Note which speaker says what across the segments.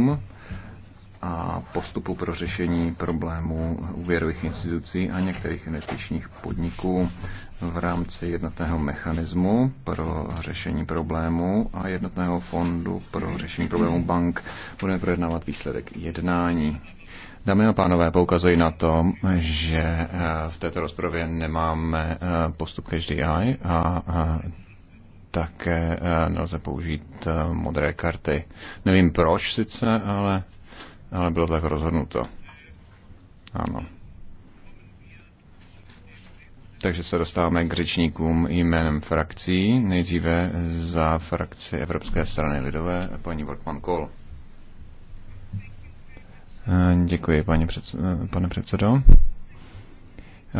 Speaker 1: bankům a postupu pro řešení problémů úvěrových institucí a některých investičních podniků v rámci jednotného mechanismu pro řešení problémů a jednotného fondu pro řešení problémů bank budeme projednávat výsledek jednání. Dámy a pánové, poukazují na to, že eh, v této rozpravě nemáme eh, postup každý a eh, také eh, nelze použít eh, modré karty. Nevím proč sice, ale, ale bylo tak rozhodnuto. Ano. Takže se dostáváme k řečníkům jménem frakcí. Nejdříve za frakci Evropské strany lidové paní Wortmann Kohl. Eh, děkuji, paní před, pane předsedo.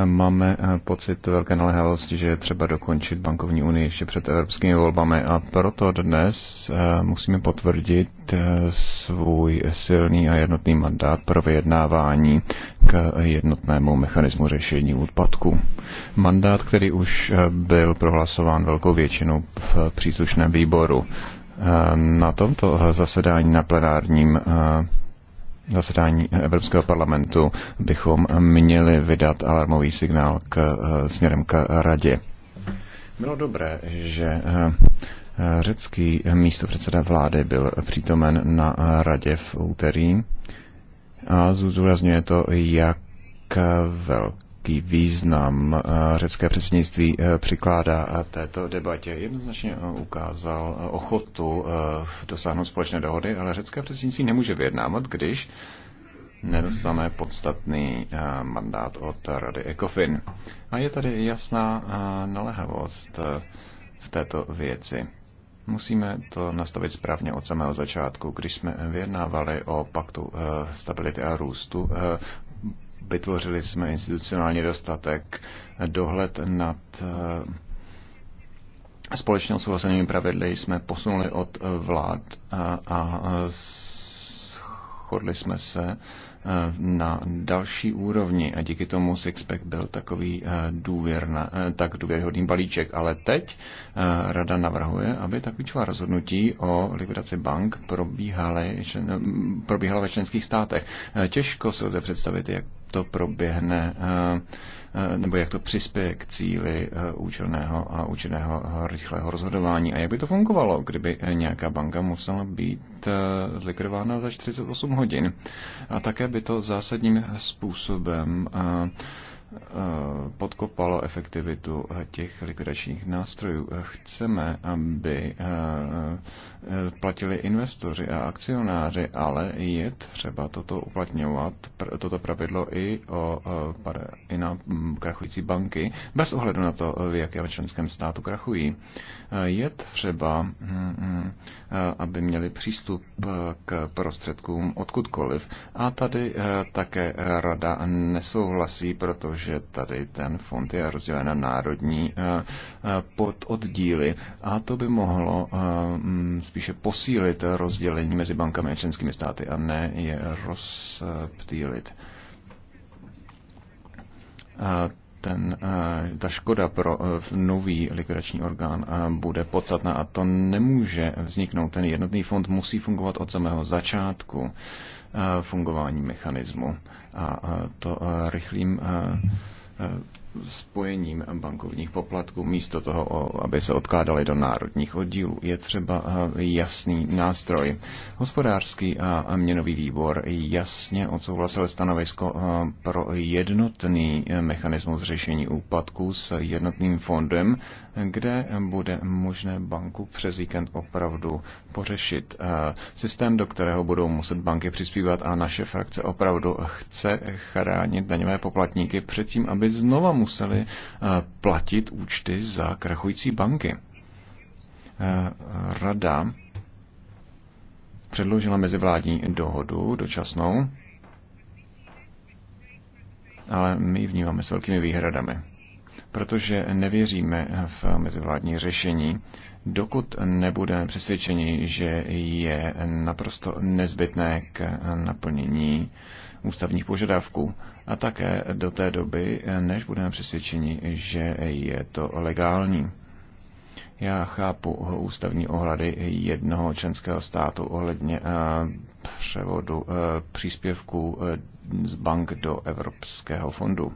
Speaker 1: Máme eh, pocit velké naléhavosti, že je třeba dokončit bankovní unii ještě před evropskými volbami a proto dnes eh, musíme potvrdit eh, svůj silný a jednotný mandát pro vyjednávání k jednotnému mechanismu řešení úpadku. Mandát, který už byl prohlasován velkou většinou v příslušném výboru. Na tomto zasedání na plenárním zasedání Evropského parlamentu bychom měli vydat alarmový signál k, eh, směrem k radě. Bylo dobré, že eh, řecký místopředseda vlády byl přítomen na eh, radě v úterý a zúrazňuje to, jak velké jaký význam eh, řecké předsednictví eh, přikládá eh, této debatě. Jednoznačně ukázal ochotu dosáhnout společné dohody, ale řecké předsednictví nemůže vyjednávat, když nedostane podstatný mandát od Rady ECOFIN. A je tady jasná naléhavost v této věci. Musíme to nastavit správně od samého začátku. Když jsme vyjednávali o paktu stability a růstu, vytvořili jsme institucionální dostatek dohled nad eh, společně souhlasenými pravidly jsme posunuli od eh, vlád eh, a shodli jsme se na další úrovni a díky tomu Sixpack byl takový důvěrna, tak důvěryhodný balíček. Ale teď rada navrhuje, aby ta klíčová rozhodnutí o likvidaci bank probíhala ve členských státech. Těžko se lze představit, jak to proběhne, eh, eh, nebo jak to přispěje k cíli eh, účelného a účinného rychlého rozhodování. A jak by to fungovalo, kdyby nějaká banka musela být zlikvidována za 48 hodin. A také by to zásadním způsobem Eh, podkopalo efektivitu eh, těch likvidačních nástrojů. Eh, chceme, aby platili investoři a akcionáři, ale je třeba toto uplatňovat, toto pravidlo i, o, i na mm, krachující banky, bez ohledu na to, v jakém členském státu krachují. Je třeba, mm, mm, aby měli přístup k prostředkům odkudkoliv. A tady také rada nesouhlasí, protože protože tady ten fond je rozdělen na národní eh, eh, pododdíly a to by mohlo eh, mm, spíše posílit rozdělení mezi bankami a členskými státy a ne je rozptýlit. ten, ta škoda pro nový likvidační orgán bude podstatná a to nemůže vzniknout. Ten jednotný fond musí fungovat od samého začátku. Eh, fungování mechanismu a eh, to eh, rychlým spojením bankovních poplatků místo toho, aby se odkládaly do národních oddílů. Je třeba jasný nástroj. Hospodářský a měnový výbor jasně odsouhlasil stanovisko pro jednotný mechanismus řešení úpadků s jednotným fondem kde bude možné banku přes víkend opravdu pořešit. Eh, systém, do kterého budou muset banky přispívat a naše frakce opravdu chce chránit daňové poplatníky před tím, aby znova museli eh, platit účty za krachující banky. Eh, rada předložila mezivládní dohodu dočasnou, ale my ji vnímáme s velkými výhradami protože nevěříme v mezivládní řešení, dokud nebudeme přesvědčeni, že je naprosto nezbytné k naplnění ústavních požadavků a také do té doby, než budeme přesvědčeni, že je to legální. Já chápu ústavní ohlady jednoho členského státu ohledně eh, převodu eh, příspěvků eh, z bank do Evropského fondu.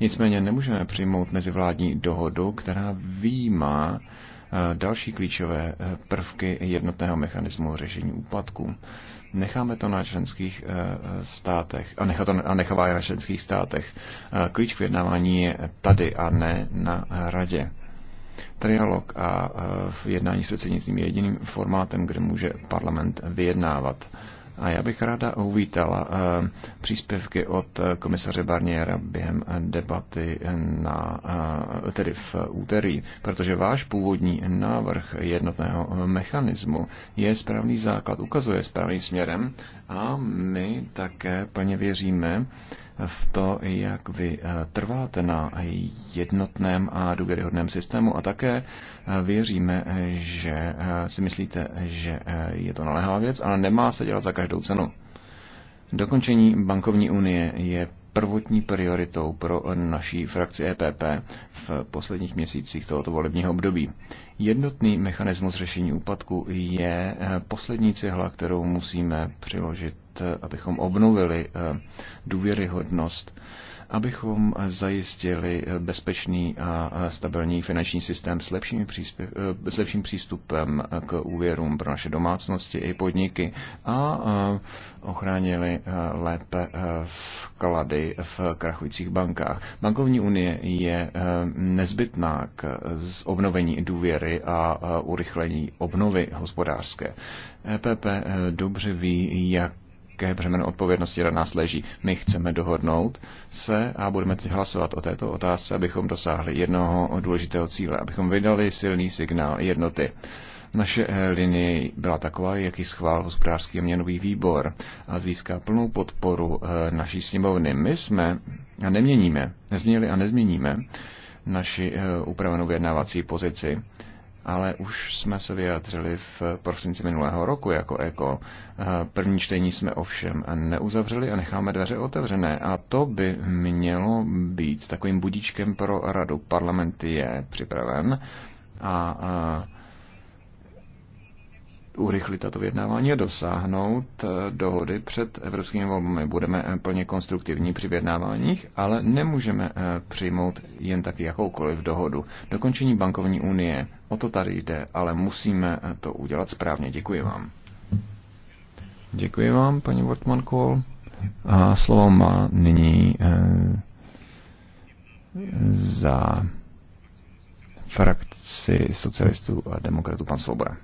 Speaker 1: Nicméně nemůžeme přijmout mezivládní dohodu, která výjímá eh, další klíčové eh, prvky jednotného mechanismu řešení úpadků. Necháme to na členských eh, státech a, nechá to, a nechává je na členských státech. Klíč k vyjednávání je tady a ne na radě. Trialog a v jednání s předsednictvím je jediným formátem, kde může parlament vyjednávat a já bych ráda uvítala eh, příspěvky od eh, komisaře Barniera během eh, debaty na, tedy v úterý, protože váš původní návrh jednotného mechanismu je správný základ, ukazuje správným směrem a my také plně věříme v to, jak vy eh, trváte na jednotném a důvěryhodném systému a také eh, věříme, že eh, si myslíte, že je to naléhavá věc, ale nemá se dělat za každou cenu. Dokončení bankovní unie je prvotní prioritou pro naší frakci EPP v posledních měsících tohoto volebního období. Jednotný mechanismus řešení úpadku je eh, poslední cihla, kterou musíme přiložit, eh, abychom obnovili eh, důvěryhodnost abychom zajistili bezpečný a stabilní finanční systém s, lepším příspěv, s lepším přístupem k úvěrům pro naše domácnosti i podniky a ochránili lépe vklady v krachujících bankách. Bankovní unie je e, nezbytná k obnovení důvěry a urychlení obnovy hospodářské. EPP e, dobře ví, jak jaké břemeno odpovědnosti na nás leží. My chceme dohodnout se a budeme teď hlasovat o této otázce, abychom dosáhli jednoho důležitého cíle, abychom vydali silný signál jednoty. Naše eh, linie byla taková, jaký schvál hospodářský a měnový výbor a získá plnou podporu eh, naší sněmovny. My jsme a neměníme, nezměnili a nezměníme naši eh, upravenou vyjednávací pozici ale už jsme se vyjádřili v prosinci minulého roku jako ECO. Eh, první čtení jsme ovšem neuzavřeli a necháme dveře otevřené. A to by mělo být takovým budíčkem pro radu. Parlament je připraven a, a eh, urychlit tato vyjednávání a dosáhnout eh, dohody před evropskými volbami. Budeme plně konstruktivní při vyjednáváních, ale nemůžeme přijmout jen tak jakoukoliv dohodu. Dokončení bankovní unie O to tady jde, ale musíme to udělat správně. Děkuji vám. Děkuji vám, paní Wortman Kohl. A slovo má nyní eh, za frakci socialistů a demokratů pan Svoboda.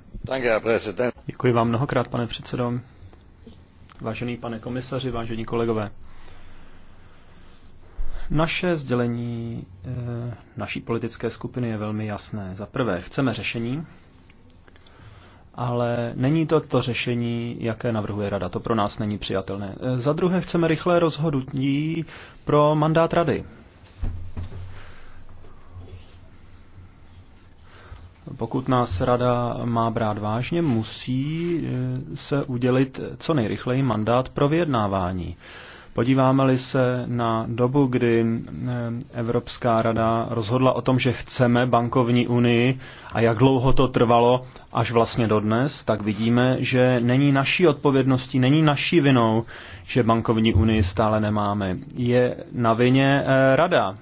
Speaker 2: Děkuji vám mnohokrát, pane předsedo. Vážený pane komisaři, vážení kolegové. Naše sdělení eh, naší politické skupiny je velmi jasné. Za prvé, chceme řešení, ale není to to řešení, jaké navrhuje rada. To pro nás není přijatelné. Eh, za druhé, chceme rychlé rozhodnutí pro mandát rady. Pokud nás rada má brát vážně, musí eh, se udělit co nejrychleji mandát pro vyjednávání. Podíváme-li se na dobu, kdy eh, Evropská rada rozhodla o tom, že chceme bankovní unii a jak dlouho to trvalo až vlastně dodnes, tak vidíme, že není naší odpovědností, není naší vinou, že bankovní unii stále nemáme. Je na vině eh, rada.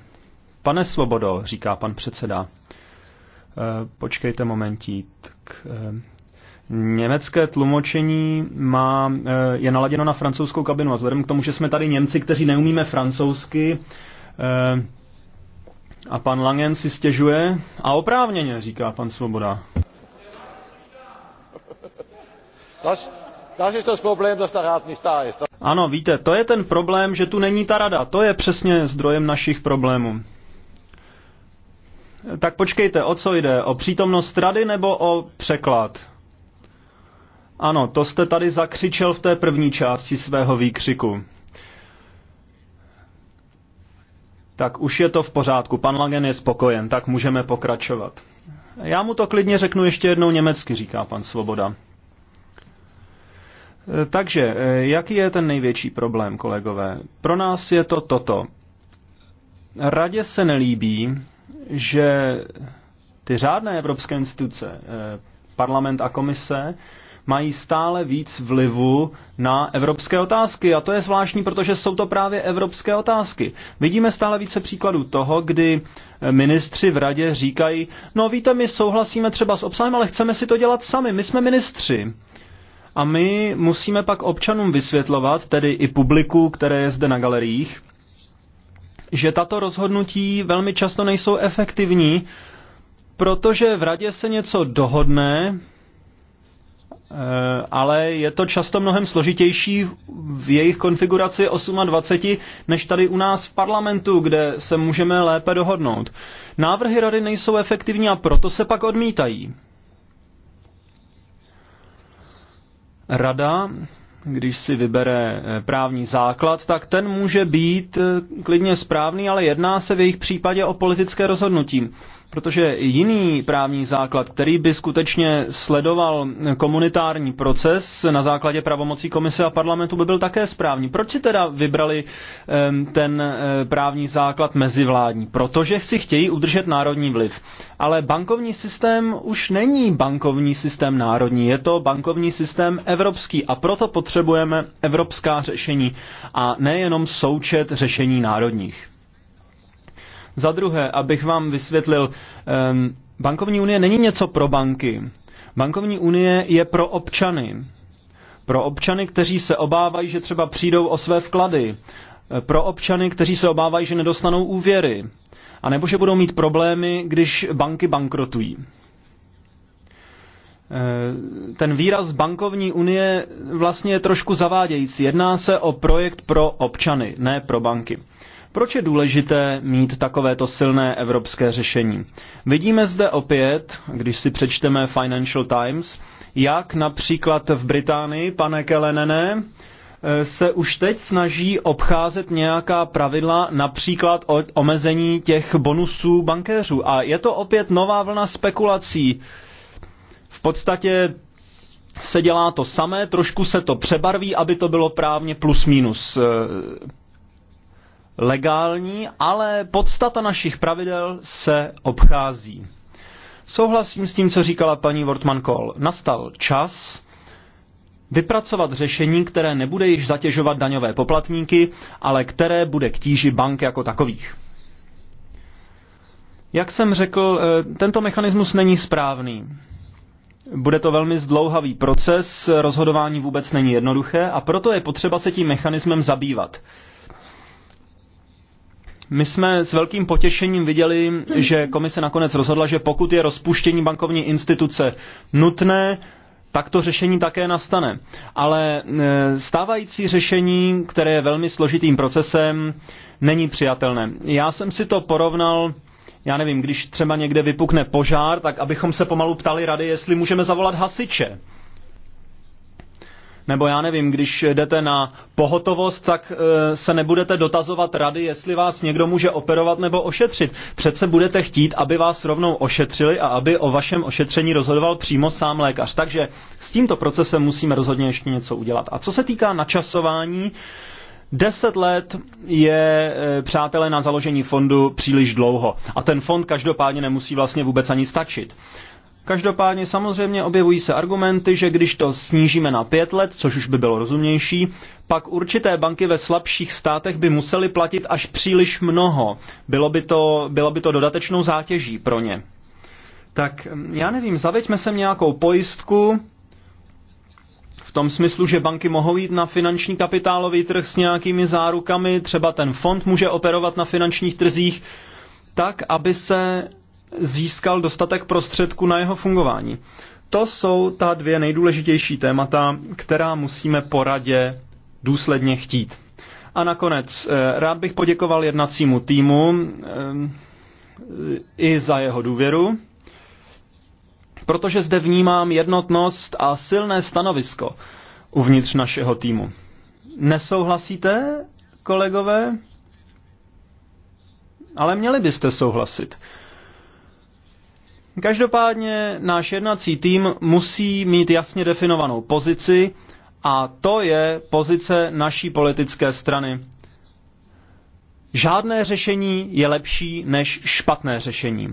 Speaker 2: Pane Svobodo, říká pan předseda, eh, počkejte momentík. Německé tlumočení má, eh, je naladěno na francouzskou kabinu a vzhledem k tomu, že jsme tady Němci, kteří neumíme francouzsky, eh, a pan Langen si stěžuje a oprávněně, říká pan Svoboda. Das, ano, víte, to je ten problém, že tu není ta rada. To je přesně zdrojem našich problémů. Tak počkejte, o co jde? O přítomnost rady nebo o překlad? Ano, to jste tady zakřičel v té první části svého výkřiku. Tak už je to v pořádku, pan Langen je spokojen, tak můžeme pokračovat. Já mu to klidně řeknu ještě jednou německy, říká pan Svoboda. Takže, jaký je ten největší problém, kolegové? Pro nás je to toto. Radě se nelíbí, že ty řádné evropské instituce, eh, parlament a komise, mají stále víc vlivu na evropské otázky. A to je zvláštní, protože jsou to právě evropské otázky. Vidíme stále více příkladů toho, kdy eh, ministři v radě říkají, no víte, my souhlasíme třeba s obsahem, ale chceme si to dělat sami, my jsme ministři. A my musíme pak občanům vysvětlovat, tedy i publiku, které je zde na galeriích, že tato rozhodnutí velmi často nejsou efektivní, protože v radě se něco dohodne, Eh, ale je to často mnohem složitější v jejich konfiguraci 28 než tady u nás v parlamentu, kde se můžeme lépe dohodnout. Návrhy rady nejsou efektivní a proto se pak odmítají. Rada, když si vybere eh, právní základ, tak ten může být eh, klidně správný, ale jedná se v jejich případě o politické rozhodnutí protože jiný právní základ, který by skutečně sledoval komunitární proces na základě pravomocí komise a parlamentu, by byl také správný. Proč si teda vybrali ten eh, právní základ mezivládní? Protože si chtějí udržet národní vliv. Ale bankovní systém už není bankovní systém národní, je to bankovní systém evropský a proto potřebujeme evropská řešení a nejenom součet řešení národních. Za druhé, abych vám vysvětlil, ehm, bankovní unie není něco pro banky. Bankovní unie je pro občany. Pro občany, kteří se obávají, že třeba přijdou o své vklady. Eh, pro občany, kteří se obávají, že nedostanou úvěry. A nebo že budou mít problémy, když banky bankrotují. Eh, ten výraz bankovní unie vlastně je trošku zavádějící. Jedná se o projekt pro občany, ne pro banky. Proč je důležité mít takovéto silné evropské řešení? Vidíme zde opět, když si přečteme Financial Times, jak například v Británii, pane Kelenene, eh, se už teď snaží obcházet nějaká pravidla, například o omezení těch bonusů bankéřů. A je to opět nová vlna spekulací. V podstatě se dělá to samé, trošku se to přebarví, aby to bylo právně plus minus. Eh, legální, ale podstata našich pravidel se obchází. Souhlasím s tím, co říkala paní Wortman Kohl. Nastal čas vypracovat řešení, které nebude již zatěžovat daňové poplatníky, ale které bude k tíži bank jako takových. Jak jsem řekl, eh, tento mechanismus není správný. Bude to velmi zdlouhavý proces, rozhodování vůbec není jednoduché a proto je potřeba se tím mechanismem zabývat. My jsme s velkým potěšením viděli, hmm. že komise nakonec rozhodla, že pokud je rozpuštění bankovní instituce nutné, tak to řešení také nastane. Ale e, stávající řešení, které je velmi složitým procesem, není přijatelné. Já jsem si to porovnal já nevím, když třeba někde vypukne požár, tak abychom se pomalu ptali rady, jestli můžeme zavolat hasiče. Nebo já nevím, když jdete na pohotovost, tak eh, se nebudete dotazovat rady, jestli vás někdo může operovat nebo ošetřit. Přece budete chtít, aby vás rovnou ošetřili a aby o vašem ošetření rozhodoval přímo sám lékař. Takže s tímto procesem musíme rozhodně ještě něco udělat. A co se týká načasování, Deset let je, eh, přátelé, na založení fondu příliš dlouho. A ten fond každopádně nemusí vlastně vůbec ani stačit. Každopádně samozřejmě objevují se argumenty, že když to snížíme na pět let, což už by bylo rozumnější, pak určité banky ve slabších státech by musely platit až příliš mnoho. Bylo by to, bylo by to dodatečnou zátěží pro ně. Tak mm, já nevím, zaveďme sem nějakou pojistku, v tom smyslu, že banky mohou jít na finanční kapitálový trh s nějakými zárukami, třeba ten fond může operovat na finančních trzích, tak, aby se získal dostatek prostředků na jeho fungování. To jsou ta dvě nejdůležitější témata, která musíme poradě důsledně chtít. A nakonec, eh, rád bych poděkoval jednacímu týmu eh, i za jeho důvěru, protože zde vnímám jednotnost a silné stanovisko uvnitř našeho týmu. Nesouhlasíte, kolegové? Ale měli byste souhlasit. Každopádně náš jednací tým musí mít jasně definovanou pozici a to je pozice naší politické strany. Žádné řešení je lepší než špatné řešení.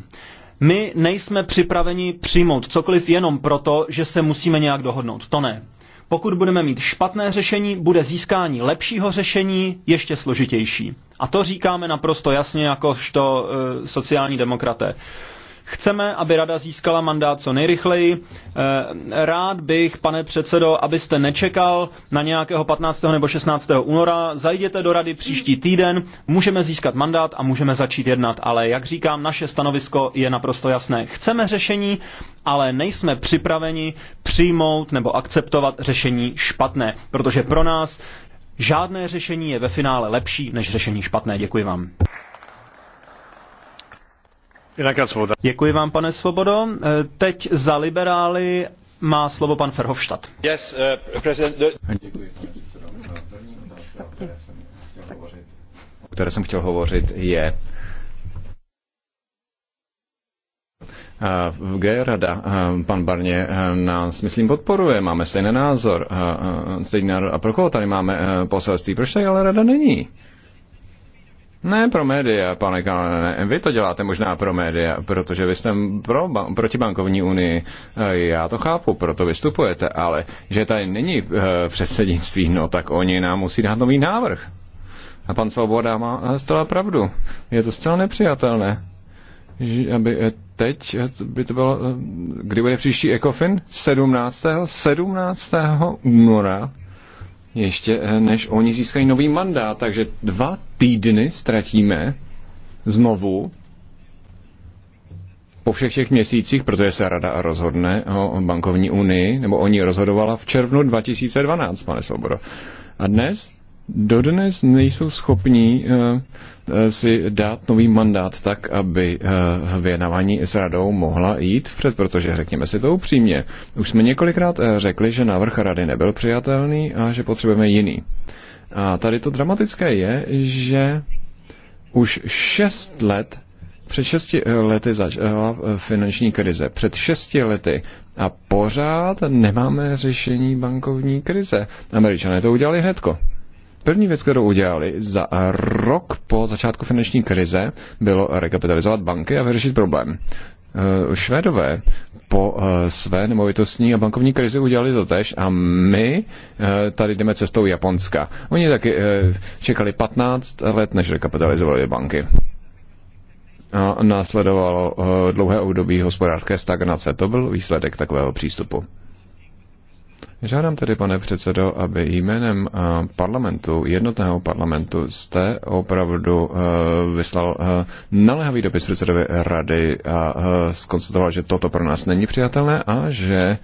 Speaker 2: My nejsme připraveni přijmout cokoliv jenom proto, že se musíme nějak dohodnout. To ne. Pokud budeme mít špatné řešení, bude získání lepšího řešení ještě složitější. A to říkáme naprosto jasně jakožto e, sociální demokraté. E, Chceme, aby rada získala mandát co nejrychleji. Eh, rád bych, pane předsedo, abyste nečekal na nějakého 15. nebo 16. února. Zajděte do rady příští týden, můžeme získat mandát a můžeme začít jednat. Ale jak říkám, naše stanovisko je naprosto jasné. Chceme řešení, ale nejsme připraveni přijmout nebo akceptovat řešení špatné, protože pro nás žádné řešení je ve finále lepší než řešení špatné. Děkuji vám. Děkuji vám, pane Svobodo. Eh, teď za liberály má slovo pan Ferhofstadt.
Speaker 1: Yes, uh, president... Děkuji, pane předsedo. Eh, které jsem chtěl hovořit, je, V G rada pan Barně nás, myslím, podporuje, máme stejný názor, stejný názor. A pro koho tady máme poselství? Proč tady ale rada není? Ne pro média, pane Kalene, vy to děláte možná pro média, protože vy jste pro, proti bankovní unii. Eh, já to chápu, proto vystupujete, ale že tady není eh, předsednictví, no tak oni nám musí dát nový návrh. A pan Svoboda má eh, zcela pravdu. Je to zcela nepřijatelné. Že aby teď by to bylo, kdy bude příští ECOFIN? 17. 17. února ještě eh, než oni získají nový mandát. Takže dva týdny ztratíme znovu po všech těch měsících, protože se rada rozhodne o bankovní unii, nebo o ní rozhodovala v červnu 2012, pane Svobodo. A dnes dodnes nejsou uh, si dát nový mandát tak, aby eh, vyjednávání s radou mohla jít vpřed, protože řekněme si to upřímně. Už jsme několikrát řekli, že návrh rady nebyl přijatelný a že potřebujeme jiný. A tady to dramatické je, že už šest let před šesti lety začala finanční krize. Před šesti lety. A pořád nemáme řešení bankovní krize. Američané to udělali hnedko. První věc, kterou udělali za rok po začátku finanční krize, bylo rekapitalizovat banky a vyřešit problém. Eh, Švédové po eh, své nemovitostní a bankovní krizi udělali to tež a my eh, tady jdeme cestou Japonska. Oni taky čekali 15 let, než rekapitalizovali banky. A následovalo dlouhé období hospodářské stagnace. To byl výsledek takového přístupu. Žádám tedy, pane předsedo, aby jménem eh, parlamentu, jednotného parlamentu, jste opravdu eh, vyslal eh, naléhavý dopis předsedovi rady a skonstatoval, že toto pro nás není přijatelné a že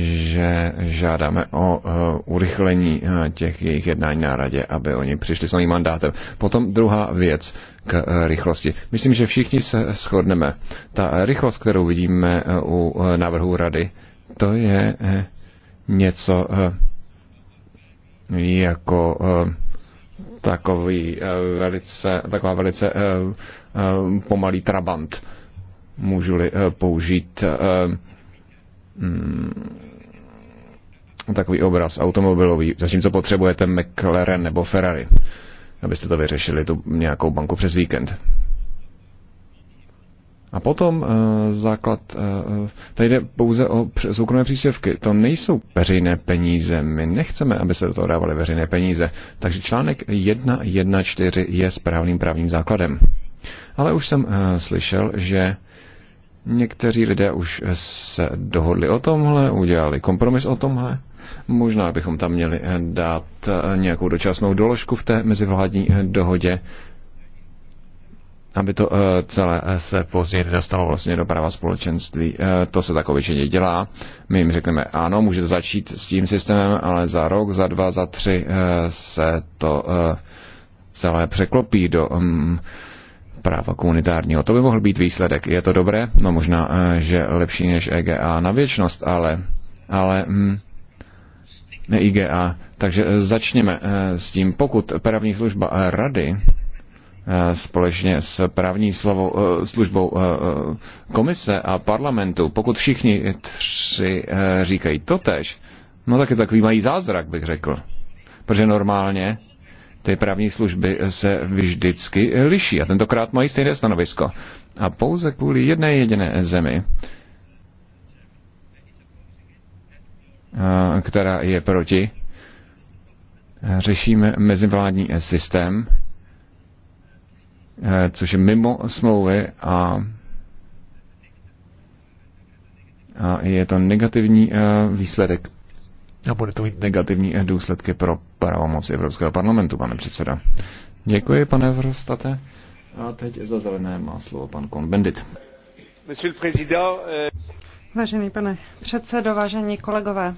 Speaker 1: že žádáme o urychlení těch jejich jednání na radě, aby oni přišli s novým mandátem. Potom druhá věc k rychlosti. Myslím, že všichni se shodneme. Ta rychlost, kterou vidíme u návrhu rady, to je něco eh, jako eh, takový eh, velice, taková velice pomalý trabant. Můžu-li použít mm, takový obraz automobilový, zatímco potřebujete McLaren nebo Ferrari, abyste to vyřešili, tu nějakou banku přes víkend. A potom eh, základ, eh, eh, tady jde pouze o soukromé příspěvky. To nejsou veřejné peníze. My nechceme, aby se do toho dávaly veřejné peníze. Takže článek 1.1.4 je správným právním základem. Ale už jsem slyšel, že někteří lidé už se dohodli o tomhle, udělali kompromis o tomhle. Možná bychom tam měli dát nějakou dočasnou doložku v té mezivládní dohodě, aby to eh, celé eh, se později dostalo vlastně do práva společenství. Eh, to se tak obyčejně dělá. My jim řekneme, ano, můžete začít s tím systémem, ale za rok, za dva, za tři se to celé překlopí do mm, práva komunitárního. To by mohl být výsledek. Je to dobré? No možná, že lepší než EGA na věčnost, ale, ale mm, ne IGA. Takže začněme s tím. Pokud právní služba rady Eh, společně s právní slovou, eh, službou eh, komise a parlamentu, pokud všichni tři říkají totež, no tak je takový mají zázrak, bych řekl. Protože normálně ty právní služby se vždycky liší a tentokrát mají stejné stanovisko. A pouze kvůli jedné jediné zemi, která je proti, řešíme mezivládní systém, Eh, což je mimo smlouvy a, a je to negativní eh, výsledek. A bude to mít negativní eh, důsledky pro pravomoc Evropského parlamentu, pane předseda. Děkuji, pane Vrostate. A teď za zelené má slovo pan Konbendit.
Speaker 3: Vážený pane předsedo, vážení kolegové,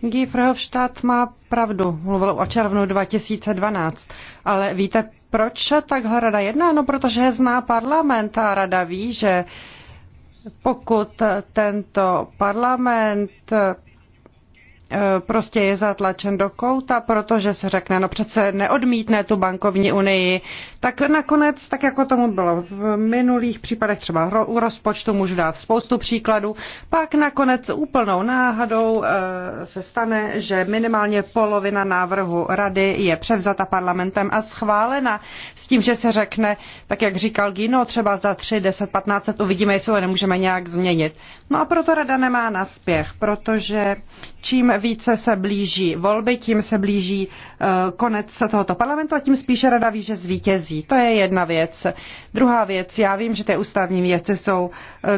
Speaker 3: Guy Verhofstadt má pravdu, mluvil o červnu 2012, ale víte proč takhle rada jedná? No, protože zná parlament a rada ví, že pokud tento parlament E, prostě je zatlačen do kouta, protože se řekne, no přece neodmítne tu bankovní unii, tak nakonec, tak jako tomu bylo v minulých případech třeba u rozpočtu, můžu dát spoustu příkladů, pak nakonec úplnou náhadou e, se stane, že minimálně polovina návrhu rady je převzata parlamentem a schválena s tím, že se řekne, tak jak říkal Gino, třeba za 3, 10, 15 let uvidíme, jestli ho nemůžeme nějak změnit. No a proto rada nemá naspěch, protože čím více se blíží volby, tím se blíží eh, konec tohoto parlamentu a tím spíše rada ví, že zvítězí. To je jedna věc. Druhá věc, já vím, že ty ústavní věci jsou eh,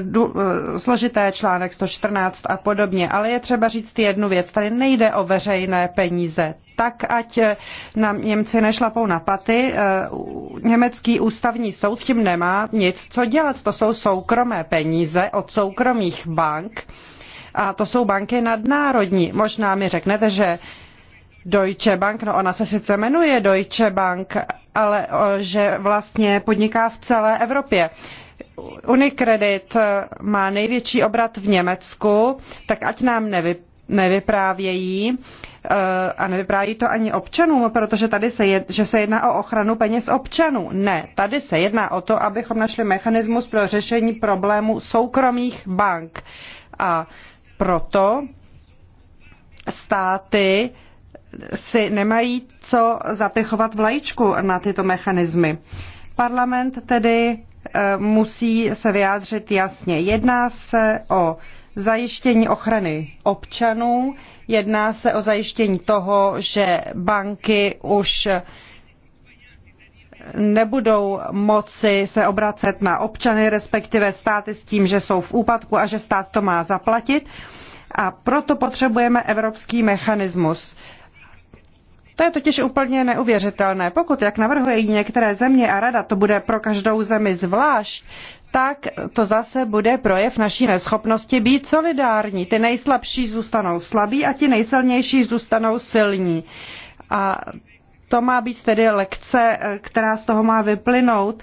Speaker 3: eh, složité, článek 114 a podobně, ale je třeba říct jednu věc. Tady nejde o veřejné peníze. Tak, ať nám Němci nešlapou na paty, německý ústavní soud s tím nemá nic co dělat. To jsou soukromé peníze od soukromých bank, a to jsou banky nadnárodní. Možná mi řeknete, že Deutsche Bank, no ona se sice jmenuje Deutsche Bank, ale že vlastně podniká v celé Evropě. Unicredit má největší obrat v Německu, tak ať nám nevy, nevyprávějí e, a nevypráví to ani občanům, protože tady se, jed, že se jedná o ochranu peněz občanů. Ne, tady se jedná o to, abychom našli mechanismus pro řešení problému soukromých bank. A proto státy si nemají co zapichovat vlajčku na tyto mechanismy. Parlament tedy eh, musí se vyjádřit jasně. Jedná se o zajištění ochrany občanů, jedná se o zajištění toho, že banky už nebudou moci se obracet na občany, respektive státy s tím, že jsou v úpadku a že stát to má zaplatit. A proto potřebujeme evropský mechanismus. To je totiž úplně neuvěřitelné. Pokud, jak navrhují některé země a rada, to bude pro každou zemi zvlášť, tak to zase bude projev naší neschopnosti být solidární. Ty nejslabší zůstanou slabí a ti nejsilnější zůstanou silní. A to má být tedy lekce, která z toho má vyplynout.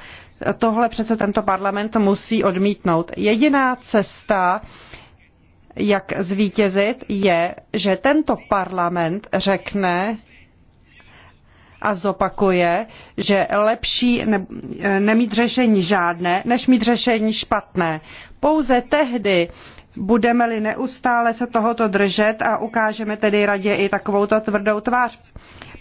Speaker 3: Tohle přece tento parlament musí odmítnout. Jediná cesta, jak zvítězit, je, že tento parlament řekne a zopakuje, že lepší ne, nemít řešení žádné, než mít řešení špatné. Pouze tehdy budeme-li neustále se tohoto držet a ukážeme tedy radě i takovouto tvrdou tvář.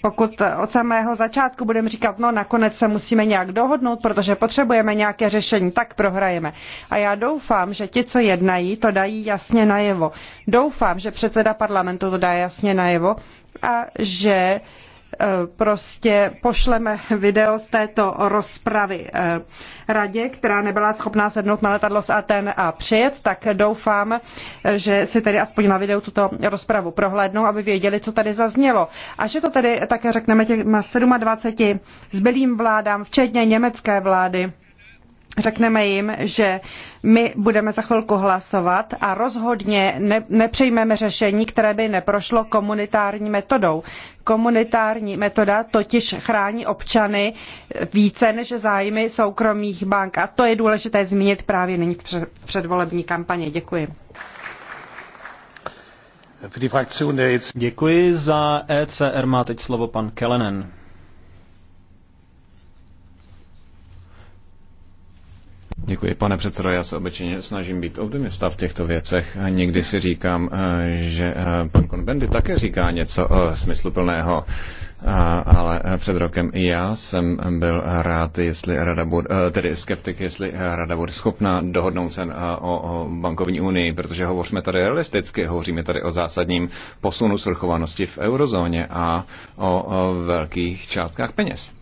Speaker 3: Pokud od samého začátku budeme říkat, no nakonec se musíme nějak dohodnout, protože potřebujeme nějaké řešení, tak prohrajeme. A já doufám, že ti, co jednají, to dají jasně najevo. Doufám, že předseda parlamentu to dá jasně najevo a že uh, Eh, prostě pošleme video z této rozpravy eh, radě, která nebyla schopná sednout na letadlo z Aten a přijet, tak doufám, eh, že si tedy aspoň na videu tuto rozpravu prohlédnou, aby věděli, co tady zaznělo. A že to tedy také řekneme těm 27 zbylým vládám, včetně německé vlády, řekneme jim, že my budeme za chvilku hlasovat a rozhodně ne, nepřijmeme řešení, které by neprošlo komunitární metodou. Komunitární metoda totiž chrání občany více než zájmy soukromých bank a to je důležité zmínit právě nyní v předvolební kampani. Děkuji.
Speaker 2: Děkuji za ECR. Má teď slovo pan Kellenen.
Speaker 1: Děkuji, pane předsedo. Já se obyčejně snažím být optimista v těchto věcech. Někdy si říkám, eh, že eh, pan Konbendy také říká něco eh, smysluplného, ale před rokem i já jsem byl rád, jestli rada bude, tedy skeptik, jestli rada bude schopná dohodnout se o bankovní unii, protože hovoříme tady realisticky, hovoříme tady o zásadním posunu svrchovanosti v eurozóně a o velkých částkách peněz.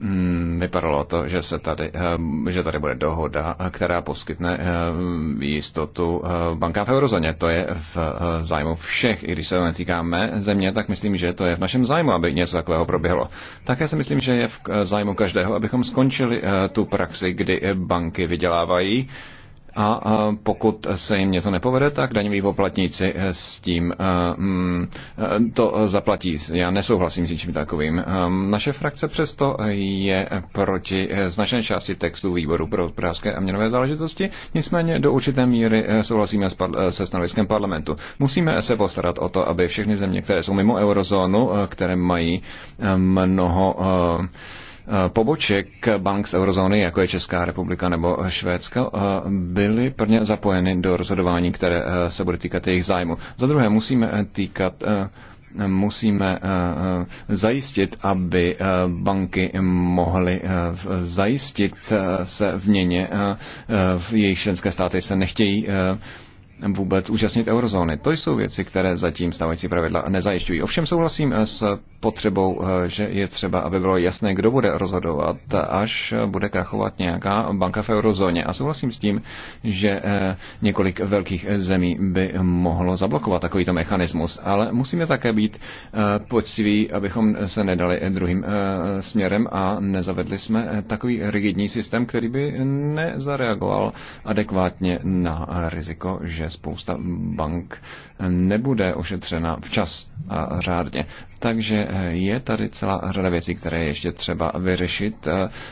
Speaker 1: Mm, vypadalo to, že, se tady, eh, že tady bude dohoda, eh, která poskytne eh, jistotu banka v eurozóně. To je v zájmu všech. I když se mé země, tak myslím, že to je v našem zájmu, aby něco takového proběhlo. Také si myslím, že je v zájmu každého, abychom skončili tu praxi, kdy banky vydělávají a pokud se jim něco nepovede, tak daňoví poplatníci s tím eh, mm, eh, to zaplatí. Já nesouhlasím s ničím takovým. Eh, naše frakce přesto je proti značné části textu výboru pro hospodářské a měnové záležitosti, nicméně do určité míry souhlasíme se stanoviskem parlamentu. Musíme se postarat o to, aby všechny země, které jsou mimo eurozónu, které mají mnoho Eh, poboček bank z eurozóny, jako je Česká republika nebo Švédsko, eh, byly prvně zapojeny do rozhodování, které eh, se bude týkat jejich zájmu. Za druhé musíme týkat musíme zajistit, aby banky mohly zajistit se v měně. Jejich členské státy se nechtějí vůbec účastnit eurozóny. To jsou věci, které zatím stávající pravidla nezajišťují. Ovšem souhlasím eh, s potřebou, eh, že je třeba, aby bylo jasné, kdo bude rozhodovat, až bude krachovat nějaká banka v eurozóně. A souhlasím s tím, že eh, několik velkých zemí by mohlo zablokovat takovýto mechanismus. Ale musíme také být poctiví, abychom se nedali druhým směrem a nezavedli jsme takový rigidní systém, který by nezareagoval adekvátně na riziko, že spousta bank nebude ošetřena včas a řádně. Takže je tady celá řada věcí, které ještě třeba vyřešit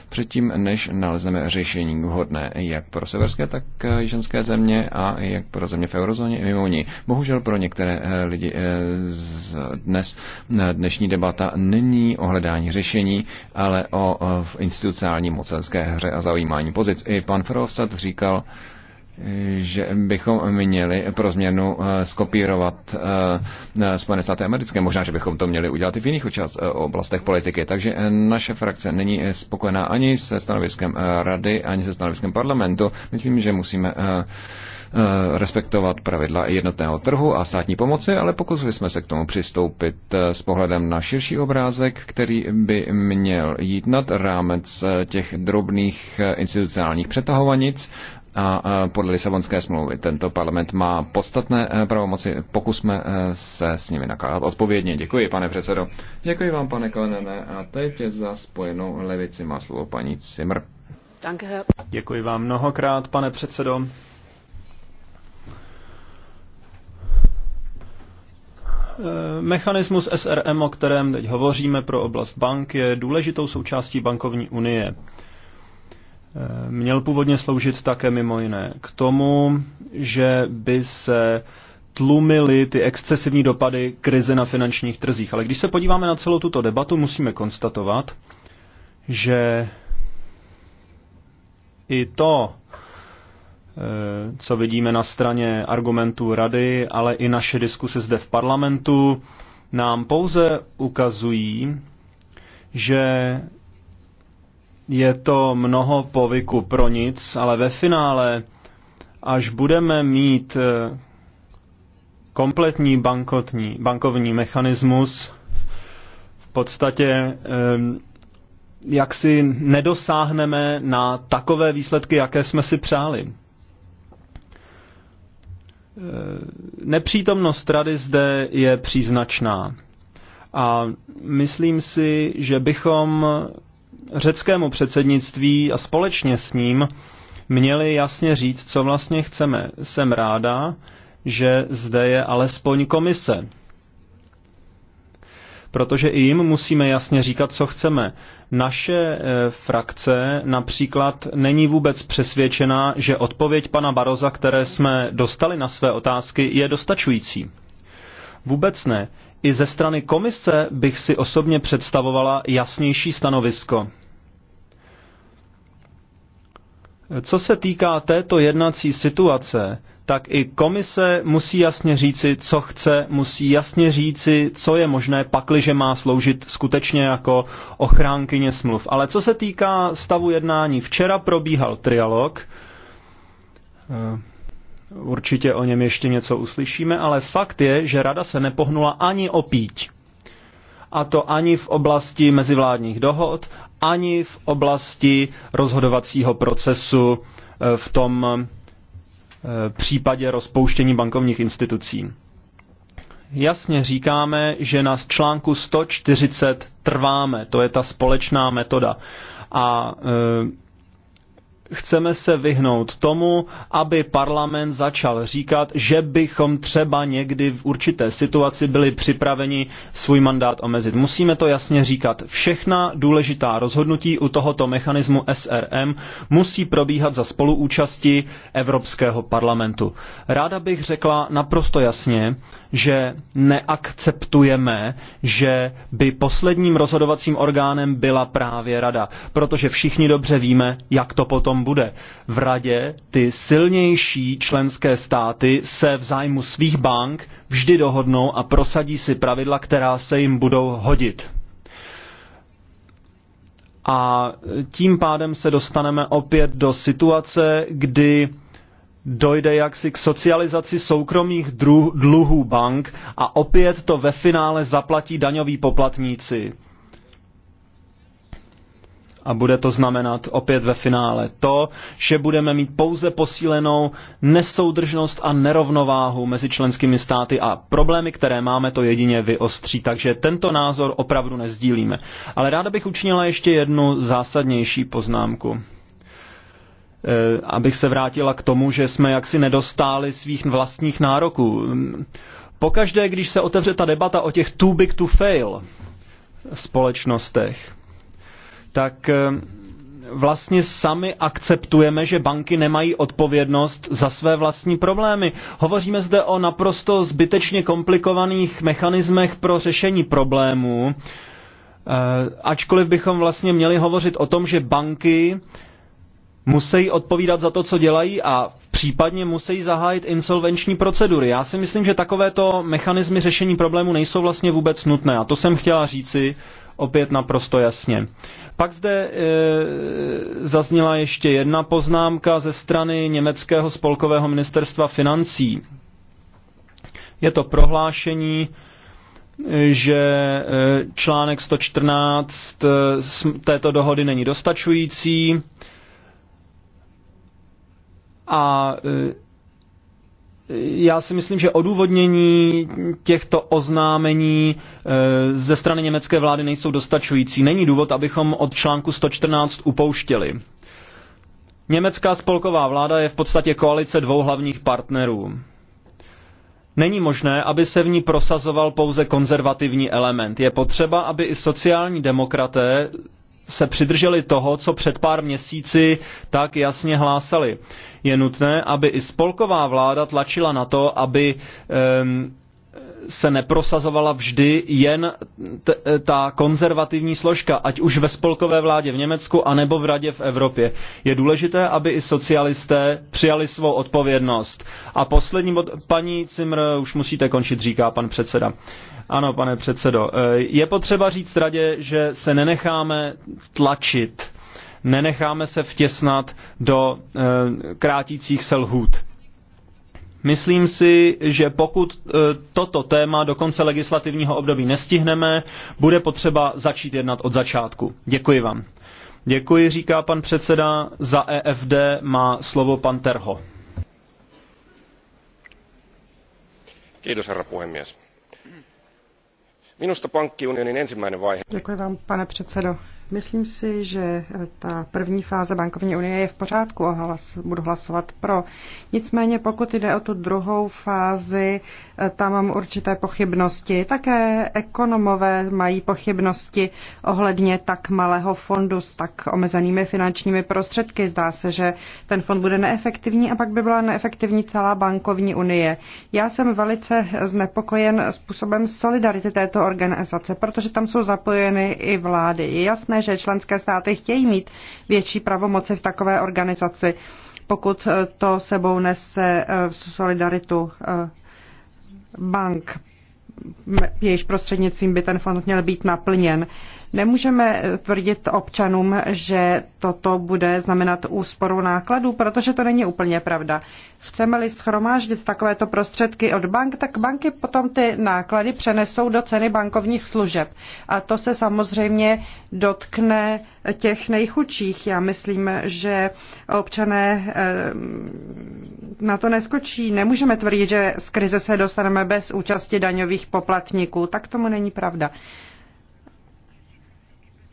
Speaker 1: předtím, než nalezeme řešení vhodné jak pro severské, tak jižanské země a jak pro země v eurozóně i mimo ní. Bohužel pro některé eh, lidi eh, z dnes eh, dnešní debata není o hledání řešení, ale o institucionální mocenské hře a zaujímání pozic. I pan Frostad říkal, že bychom měli pro změnu eh, skopírovat eh, eh, Spojené státy americké. Možná, že bychom to měli udělat i v jiných oblastech politiky. Takže naše frakce není spokojená ani se stanoviskem rady, ani se stanoviskem parlamentu. Myslím, že musíme respektovat pravidla jednotného trhu a státní pomoci, ale pokusili jsme se k tomu přistoupit s pohledem na širší obrázek, který by měl jít nad rámec těch drobných institucionálních přetahovanic a podle Lisabonské smlouvy tento parlament má podstatné eh, pravomoci. Pokusme eh, se s nimi nakládat odpovědně. Děkuji, pane předsedo. Děkuji vám, pane Kalenene. A teď za spojenou levici má slovo paní
Speaker 2: Cimr. Děkuji vám mnohokrát, pane předsedo. Eh, mechanismus SRM, o kterém teď hovoříme pro oblast bank, je důležitou součástí bankovní unie měl původně sloužit také mimo jiné k tomu, že by se tlumily ty excesivní dopady krize na finančních trzích. Ale když se podíváme na celou tuto debatu, musíme konstatovat, že i to, eh, co vidíme na straně argumentů rady, ale i naše diskuse zde v parlamentu, nám pouze ukazují, že je to mnoho povyku pro nic, ale ve finále, až budeme mít eh, kompletní bankotní, bankovní mechanismus, v podstatě eh, jak si nedosáhneme na takové výsledky, jaké jsme si přáli. Eh, nepřítomnost rady zde je příznačná. A myslím si, že bychom řeckému předsednictví a společně s ním měli jasně říct, co vlastně chceme. Jsem ráda, že zde je alespoň komise. Protože i jim musíme jasně říkat, co chceme. Naše e, frakce například není vůbec přesvědčená, že odpověď pana Baroza, které jsme dostali na své otázky, je dostačující. Vůbec ne. I ze strany komise bych si osobně představovala jasnější stanovisko. Co se týká této jednací situace, tak i komise musí jasně říci, co chce, musí jasně říci, co je možné, pakliže má sloužit skutečně jako ochránkyně smluv. Ale co se týká stavu jednání, včera probíhal trialog eh, Určitě o něm ještě něco uslyšíme, ale fakt je, že rada se nepohnula ani píť. A to ani v oblasti mezivládních dohod, ani v oblasti rozhodovacího procesu eh, v tom eh, případě rozpouštění bankovních institucí. Jasně říkáme, že na článku 140 trváme, to je ta společná metoda. A eh, chceme se vyhnout tomu, aby parlament začal říkat, že bychom třeba někdy v určité situaci byli připraveni svůj mandát omezit. Musíme to jasně říkat. Všechna důležitá rozhodnutí u tohoto mechanismu SRM musí probíhat za spoluúčasti Evropského parlamentu. Ráda bych řekla naprosto jasně, že neakceptujeme, že by posledním rozhodovacím orgánem byla právě rada, protože všichni dobře víme, jak to potom tom bude. V radě ty silnější členské státy se v zájmu svých bank vždy dohodnou a prosadí si pravidla, která se jim budou hodit. A tím pádem se dostaneme opět do situace, kdy dojde jaksi k socializaci soukromých dluhů bank a opět to ve finále zaplatí daňoví poplatníci a bude to znamenat opět ve finále to, že budeme mít pouze posílenou nesoudržnost a nerovnováhu mezi členskými státy a problémy, které máme, to jedině vyostří. Takže tento názor opravdu nezdílíme. Ale ráda bych učinila ještě jednu zásadnější poznámku eh, abych se vrátila k tomu, že jsme jaksi nedostáli svých vlastních nároků. Pokaždé, když se otevře ta debata o těch too big to fail společnostech, tak eh, vlastně sami akceptujeme, že banky nemají odpovědnost za své vlastní problémy. Hovoříme zde o naprosto zbytečně komplikovaných mechanismech pro řešení problémů, eh, ačkoliv bychom vlastně měli hovořit o tom, že banky musí odpovídat za to, co dělají a případně musí zahájit insolvenční procedury. Já si myslím, že takovéto mechanismy řešení problému nejsou vlastně vůbec nutné a to jsem chtěla říci opět naprosto jasně. Pak zde e, zazněla ještě jedna poznámka ze strany německého spolkového ministerstva financí. Je to prohlášení, e, že e, článek 114 e, této dohody není dostačující a já si myslím, že odůvodnění těchto oznámení eh, ze strany německé vlády nejsou dostačující. Není důvod, abychom od článku 114 upouštěli. Německá spolková vláda je v podstatě koalice dvou hlavních partnerů. Není možné, aby se v ní prosazoval pouze konzervativní element. Je potřeba, aby i sociální demokraté se přidrželi toho, co před pár měsíci tak jasně hlásali je nutné, aby i spolková vláda tlačila na to, aby se neprosazovala vždy jen ta konzervativní složka, ať už ve spolkové vládě v Německu, anebo v Radě v Evropě. Je důležité, aby i socialisté přijali svou odpovědnost. A poslední bod, paní Cimr, už musíte končit, říká pan předseda. Ano, pane předsedo, e, je potřeba říct radě, že se nenecháme tlačit Nenecháme se vtěsnat do eh, krátících se lhůt. Myslím si, že pokud eh, toto téma do konce legislativního období nestihneme, bude potřeba začít jednat od začátku. Děkuji vám. Děkuji, říká pan předseda. Za EFD má slovo pan Terho.
Speaker 1: Děkuji
Speaker 3: vám, pane předsedo. Myslím si, že eh, ta první fáze bankovní unie je v pořádku a hlas, budu hlasovat pro. Nicméně pokud jde o tu druhou fázi, eh, tam mám určité pochybnosti. Také ekonomové mají pochybnosti ohledně tak malého fondu s tak omezenými finančními prostředky. Zdá se, že ten fond bude neefektivní a pak by byla neefektivní celá bankovní unie. Já jsem velice znepokojen způsobem solidarity této organizace, protože tam jsou zapojeny i vlády. Je jasné, že členské státy chtějí mít větší pravomoci v takové organizaci, pokud eh, to sebou nese eh, solidaritu eh, bank, jejíž prostřednictvím by ten fond měl být naplněn. Nemůžeme tvrdit občanům, že toto bude znamenat úsporu nákladů, protože to není úplně pravda. Chceme-li schromáždit takovéto prostředky od bank, tak banky potom ty náklady přenesou do ceny bankovních služeb. A to se samozřejmě dotkne těch nejchudších. Já myslím, že občané eh, na to neskočí. Nemůžeme tvrdit, že z krize se dostaneme bez účasti daňových poplatníků. Tak tomu není pravda.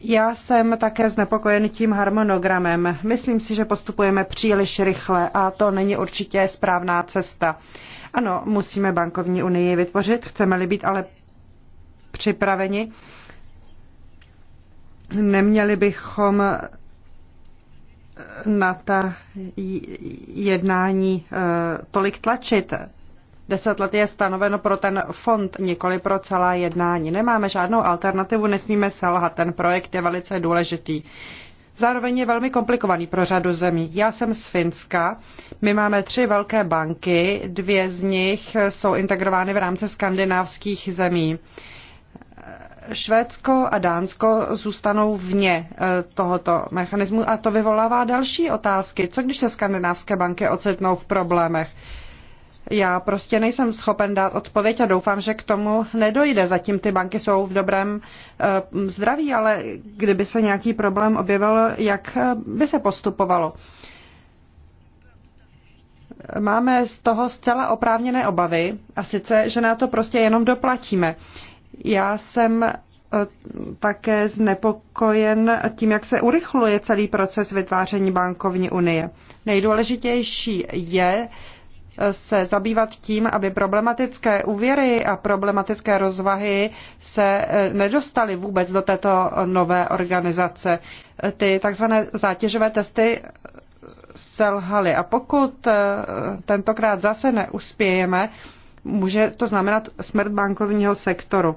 Speaker 3: Já jsem také znepokojen tím harmonogramem. Myslím si, že postupujeme příliš rychle a to není určitě správná cesta. Ano, musíme bankovní unii vytvořit, chceme-li být ale připraveni. Neměli bychom na ta jednání eh, tolik tlačit. Deset let je stanoveno pro ten fond, nikoli pro celá jednání. Nemáme žádnou alternativu, nesmíme selhat. Ten projekt je velice důležitý. Zároveň je velmi komplikovaný pro řadu zemí. Já jsem z Finska. My máme tři velké banky, dvě z nich jsou integrovány v rámci skandinávských zemí. Švédsko a Dánsko zůstanou vně eh, tohoto mechanismu a to vyvolává další otázky. Co když se skandinávské banky ocitnou v problémech? Já prostě nejsem schopen dát odpověď a doufám, že k tomu nedojde. Zatím ty banky jsou v dobrém eh, zdraví, ale kdyby se nějaký problém objevil, jak eh, by se postupovalo? Máme z toho zcela oprávněné obavy a sice, že na to prostě jenom doplatíme. Já jsem eh, také znepokojen tím, jak se urychluje celý proces vytváření bankovní unie. Nejdůležitější je, se zabývat tím, aby problematické úvěry a problematické rozvahy se eh, nedostaly vůbec do této nové organizace. Ty takzvané zátěžové testy eh, selhaly. A pokud eh, tentokrát zase neuspějeme, může to znamenat smrt bankovního sektoru.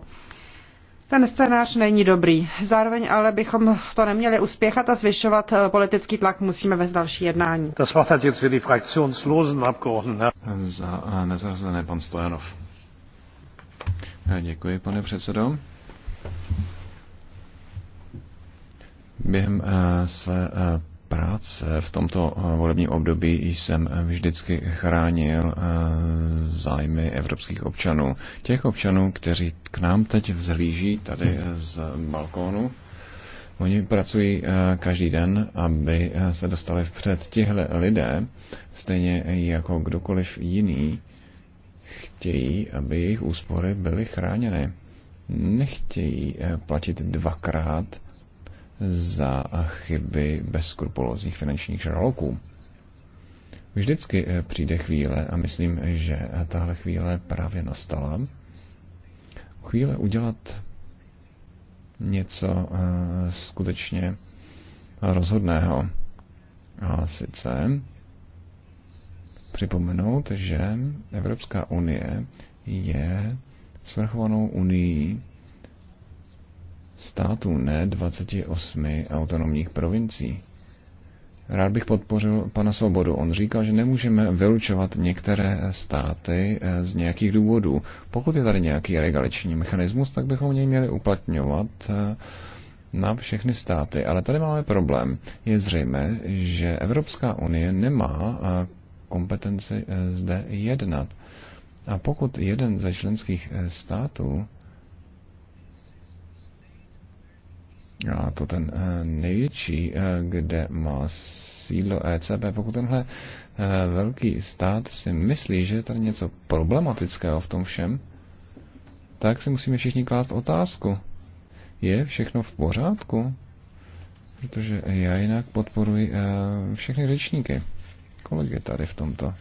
Speaker 3: Ten scénář není dobrý. Zároveň ale bychom to neměli uspěchat a zvyšovat eh, politický tlak musíme vést další jednání. Das Wort hat jetzt für die fraktionslosen Abgeordneten. Za
Speaker 1: eh, nezařazené pan Stojanov. Eh, děkuji, pane předsedo. Během své práce v tomto eh, volebním období jsem eh, vždycky chránil eh, zájmy evropských občanů. Těch občanů, kteří k nám teď vzhlíží tady z balkónu, Oni pracují každý den, aby se dostali před tihle lidé, stejně jako kdokoliv jiný, chtějí, aby jejich úspory byly chráněny. Nechtějí platit dvakrát za chyby bezkrupulózních finančních žraloků. Vždycky eh, přijde chvíle, a myslím, že tahle chvíle právě nastala, chvíle udělat něco eh, skutečně rozhodného. A sice připomenout, že Evropská unie je svrchovanou unii států, ne 28 autonomních provincií. Rád bych podpořil pana Svobodu. On říkal, že nemůžeme vylučovat některé státy eh, z nějakých důvodů. Pokud je tady nějaký regaliční mechanismus, tak bychom něj měli uplatňovat eh, na všechny státy. Ale tady máme problém. Je zřejmé, že Evropská unie nemá eh, kompetenci zde jednat. A pokud jeden ze členských států A to ten eh, největší, eh, kde má sídlo ECB, pokud tenhle eh, velký stát si myslí, že je tady něco problematického v tom všem, tak si musíme všichni klást otázku. Je všechno v pořádku? Protože já jinak podporuji všechny řečníky. Kolik je tady v tomto?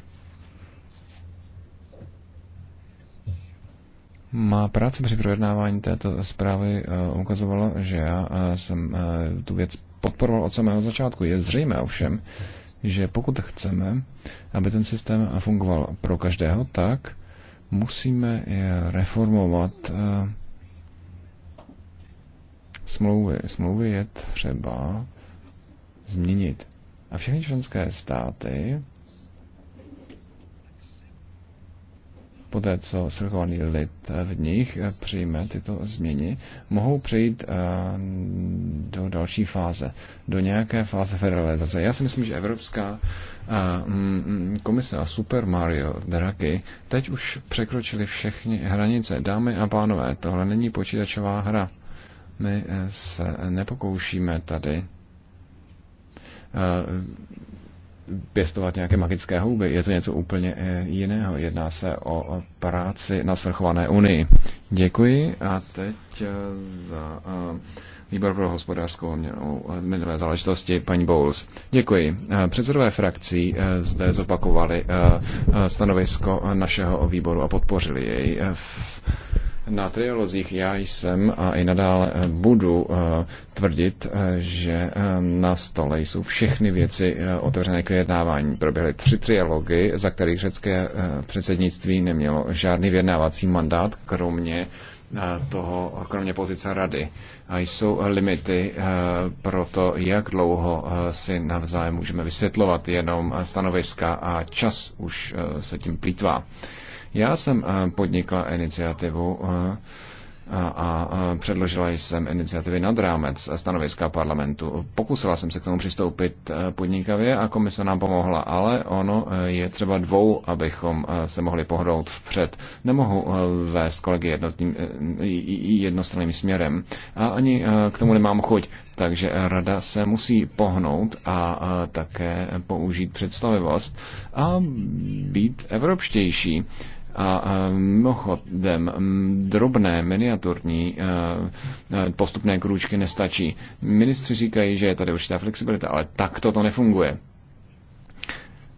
Speaker 1: Má práce při projednávání této zprávy eh, ukazovala, že já eh, jsem eh, tu věc podporoval od samého začátku. Je zřejmé ovšem, že pokud chceme, aby ten systém fungoval pro každého, tak musíme reformovat smlouvy. Smlouvy je třeba změnit. A všechny členské státy poté co svrchovaný lid v nich přijme tyto změny, mohou přejít eh, do další fáze, do nějaké fáze federalizace. Já si myslím, že Evropská eh, mm, mm, komise a Super Mario Draky teď už překročili všechny hranice. Dámy a pánové, tohle není počítačová hra. My eh, se nepokoušíme tady pěstovat nějaké magické houby. Je to něco úplně eh, jiného. Jedná se o práci na svrchované unii. Děkuji a teď eh, za eh, výbor pro hospodářskou měnové záležitosti paní Bowles. Děkuji. Předsedové frakcí zde zopakovali stanovisko našeho výboru a podpořili jej na triolozích já jsem a i nadále eh, budu eh, tvrdit, eh, že na stole jsou všechny věci otevřené k vyjednávání. Proběhly tři trialogy, za kterých řecké předsednictví nemělo žádný vyjednávací mandát, kromě toho, kromě pozice rady. A jsou limity pro to, jak dlouho si navzájem můžeme vysvětlovat jenom stanoviska a čas už se tím plítvá. Já jsem eh, podnikla iniciativu eh, a, a předložila jsem iniciativy nad rámec stanoviska parlamentu. Pokusila jsem se k tomu přistoupit eh, podnikavě a komise nám pomohla, ale ono je třeba dvou, abychom se mohli pohnout vpřed. Nemohu vést kolegy jednotným, jednostranným směrem a ani k tomu nemám chuť. Takže rada se musí pohnout a také použít představivost a být evropštější a mimochodem, drobné, miniaturní postupné krůčky nestačí. Ministři říkají, že je tady určitá flexibilita, ale tak to nefunguje.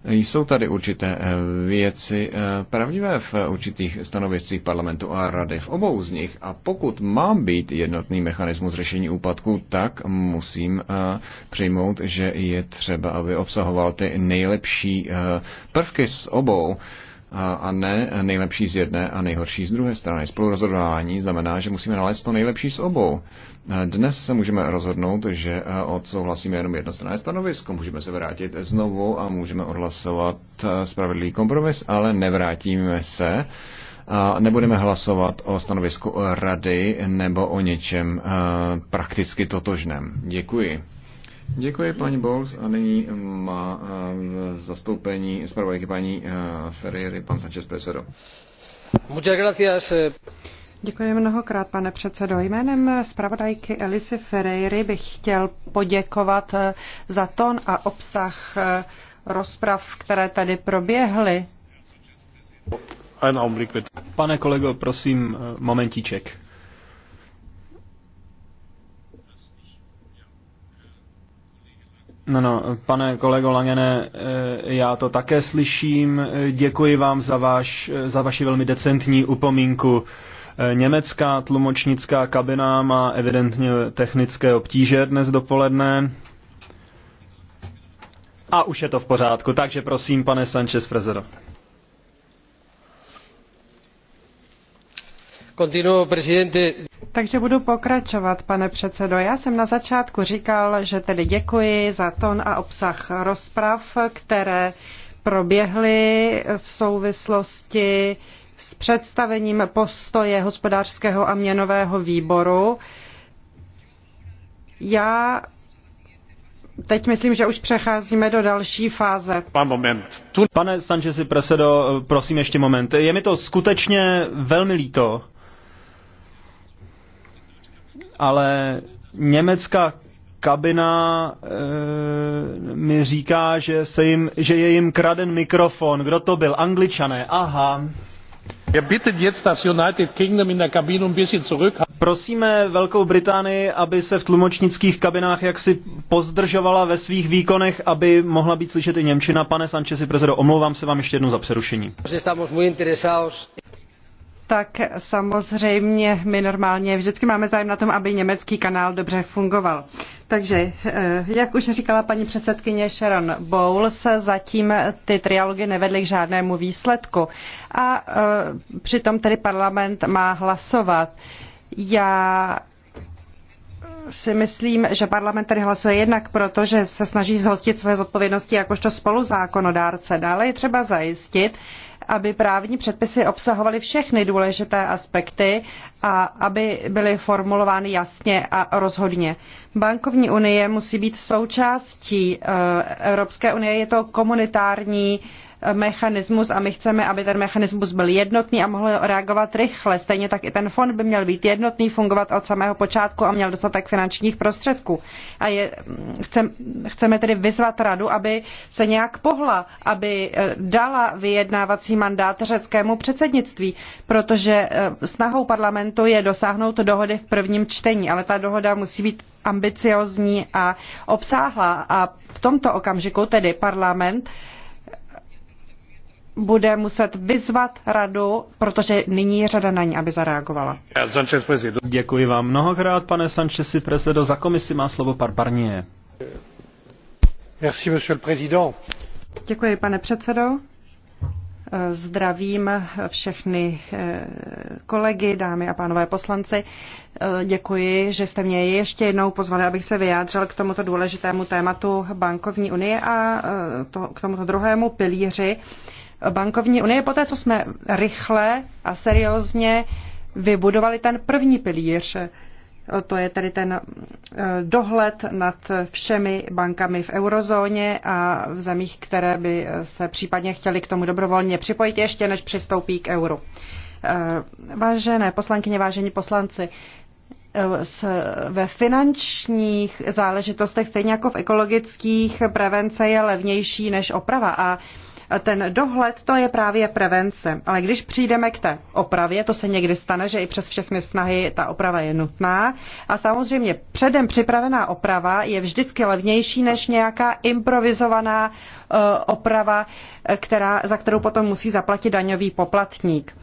Speaker 1: Jsou tady určité e, věci e, pravdivé v určitých stanoviscích parlamentu a rady v obou z nich a pokud má být jednotný mechanismus řešení úpadku, tak musím e, přijmout, že je třeba, aby obsahoval ty nejlepší prvky z obou a ne nejlepší z jedné a nejhorší z druhé strany. Spolurozhodování znamená, že musíme nalézt to nejlepší s obou. Dnes se můžeme rozhodnout, že odsouhlasíme jenom jednostranné stanovisko. Můžeme se vrátit znovu a můžeme odhlasovat spravedlivý kompromis, ale nevrátíme se a nebudeme hlasovat o stanovisku rady nebo o něčem prakticky totožném. Děkuji. Děkuji paní Bowles a nyní
Speaker 3: má eh, zastoupení zpravodajky paní eh, Ferrieri, pan Sanchez Pesero. Muchas gracias. Eh. Děkuji mnohokrát, pane předsedo. Jménem zpravodajky Elisy Ferreiry bych chtěl poděkovat za tón a obsah rozprav, které tady proběhly.
Speaker 2: Pane kolego, prosím, momentíček. No, no, pane kolego Langene, eh, já to také slyším. Eh, děkuji vám za, váš, eh, za vaši velmi decentní upomínku. Německá tlumočnická kabina má evidentně technické obtíže dnes dopoledne. A už je to v pořádku, takže prosím, pane Sanchez Frezero.
Speaker 3: Takže budu pokračovat, pane předsedo. Já jsem na začátku říkal, že tedy děkuji za tón a obsah rozprav, které proběhly v souvislosti s představením postoje hospodářského a měnového výboru. Já teď myslím, že už přecházíme do další fáze. Pan
Speaker 2: moment. Pane Sanchez Presedo, prosím ještě moment. Je mi to skutečně velmi líto, ale německá kabina e, mi říká, že, se jim, že je jim kraden mikrofon. Kdo to byl? Angličané. Aha. Prosíme Velkou Británii, aby se v tlumočnických kabinách jaksi pozdržovala ve svých výkonech, aby mohla být slyšet i Němčina. Pane Sanchezi, prezido, omlouvám se vám ještě jednou za přerušení
Speaker 3: tak samozřejmě my normálně vždycky máme zájem na tom, aby německý kanál dobře fungoval. Takže, eh, jak už říkala paní předsedkyně Sharon Bowles, zatím ty trialogy nevedly k žádnému výsledku. A eh, přitom tedy parlament má hlasovat. Já si myslím, že parlament tady hlasuje jednak proto, že se snaží zhostit své zodpovědnosti jakožto spoluzákonodárce. Dále je třeba zajistit, aby právní předpisy obsahovaly všechny důležité aspekty a aby byly formulovány jasně a rozhodně. Bankovní unie musí být součástí eh, Evropské unie, je to komunitární mechanismus a my chceme, aby ten mechanismus byl jednotný a mohl reagovat rychle. Stejně tak i ten fond by měl být jednotný, fungovat od samého počátku a měl dostatek finančních prostředků. A je, chcem, chceme tedy vyzvat radu, aby se nějak pohla, aby eh, dala vyjednávací mandát řeckému předsednictví, protože eh, snahou parlamentu je dosáhnout dohody v prvním čtení, ale ta dohoda musí být ambiciozní a obsáhlá. A v tomto okamžiku tedy parlament bude muset vyzvat radu, protože nyní je řada na ní, aby zareagovala.
Speaker 2: Děkuji vám mnohokrát, pane Sanchezi prezido. Za komisi má slovo pan Barnier. Merci, monsieur
Speaker 3: le président. Děkuji, pane předsedo. Zdravím všechny eh, kolegy, dámy a pánové poslanci. Eh, děkuji, že jste mě ještě jednou pozvali, abych se vyjádřil k tomuto důležitému tématu bankovní unie a eh, to, k tomuto druhému pilíři bankovní unie, poté co jsme rychle a seriózně vybudovali ten první pilíř, to je tedy ten eh, dohled nad všemi bankami v eurozóně a v zemích, které by se případně chtěly k tomu dobrovolně připojit ještě, než přistoupí k euru. Eh, vážené poslankyně, vážení poslanci, eh, ve finančních záležitostech, stejně jako v ekologických, prevence je levnější než oprava. A ten dohled, to je právě prevence. Ale když přijdeme k té opravě, to se někdy stane, že i přes všechny snahy ta oprava je nutná. A samozřejmě předem připravená oprava je vždycky levnější než nějaká improvizovaná eh, oprava, která, za kterou potom musí zaplatit daňový poplatník.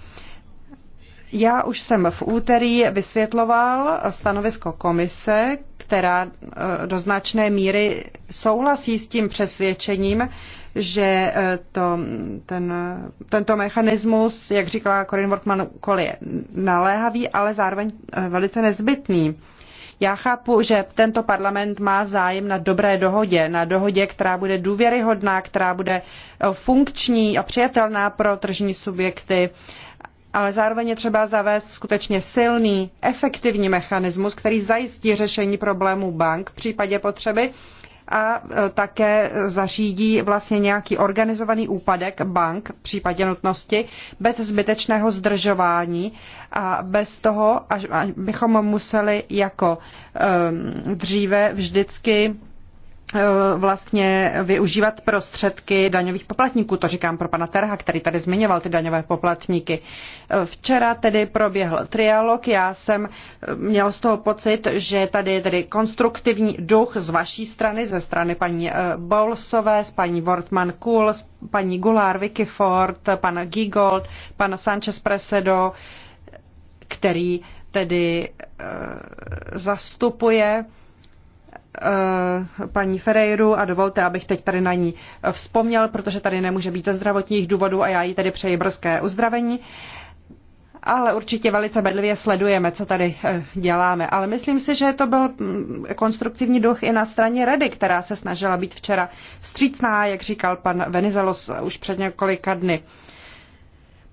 Speaker 3: Já už jsem v úterý vysvětloval stanovisko komise která e, do značné míry souhlasí s tím přesvědčením, že e, to, ten, tento mechanismus, jak říkala Corinne Wortmann, je naléhavý, ale zároveň e, velice nezbytný. Já chápu, že tento parlament má zájem na dobré dohodě, na dohodě, která bude důvěryhodná, která bude funkční a přijatelná pro tržní subjekty ale zároveň je třeba zavést skutečně silný, efektivní mechanismus, který zajistí řešení problémů bank v případě potřeby a e, také zařídí vlastně nějaký organizovaný úpadek bank v případě nutnosti bez zbytečného zdržování a bez toho, až bychom museli jako e, dříve vždycky Eh, vlastně využívat prostředky daňových poplatníků. To říkám pro pana Terha, který tady zmiňoval ty daňové poplatníky. Eh, včera tedy proběhl trialog, já jsem eh, měl z toho pocit, že tady je tedy konstruktivní duch z vaší strany, ze strany paní Bolsové, z paní Wortman Kuhl, z paní Gulár, Vicky Ford, pana Gigold, pana Sanchez Presedo, který tedy zastupuje Eh, paní Ferreiru a dovolte, abych teď tady na ní vzpomněl, protože tady nemůže být ze zdravotních důvodů a já jí tady přeji brzké uzdravení. Ale určitě velice bedlivě sledujeme, co tady eh, děláme. Ale myslím si, že to byl mm, konstruktivní duch i na straně Rady, která se snažila být včera střícná, jak říkal pan Venizelos už před několika dny. Uh,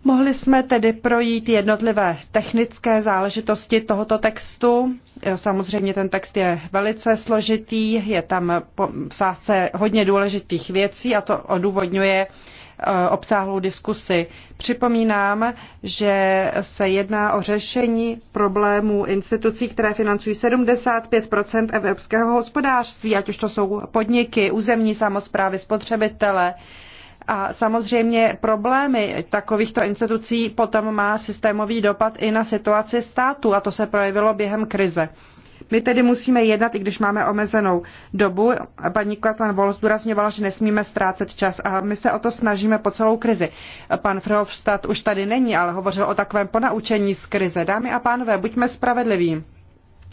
Speaker 3: Mohli jsme tedy projít jednotlivé technické záležitosti tohoto textu. Samozřejmě ten text je velice složitý, je tam v sázce hodně důležitých věcí a to odůvodňuje e, obsáhlou diskusi. Připomínám, že se jedná o řešení problémů institucí, které financují 75 evropského hospodářství, ať už to jsou podniky, územní samozprávy, spotřebitele, a samozřejmě problémy takovýchto institucí potom má systémový dopad i na situaci státu a to se projevilo během krize. My tedy musíme jednat, i když máme omezenou dobu. Paní Kotman Vol zdůrazňovala, že nesmíme ztrácet čas a my se o to snažíme po celou krizi. Pan Frehofstadt už tady není, ale hovořil o takovém ponaučení z krize. Dámy a pánové, buďme spravedliví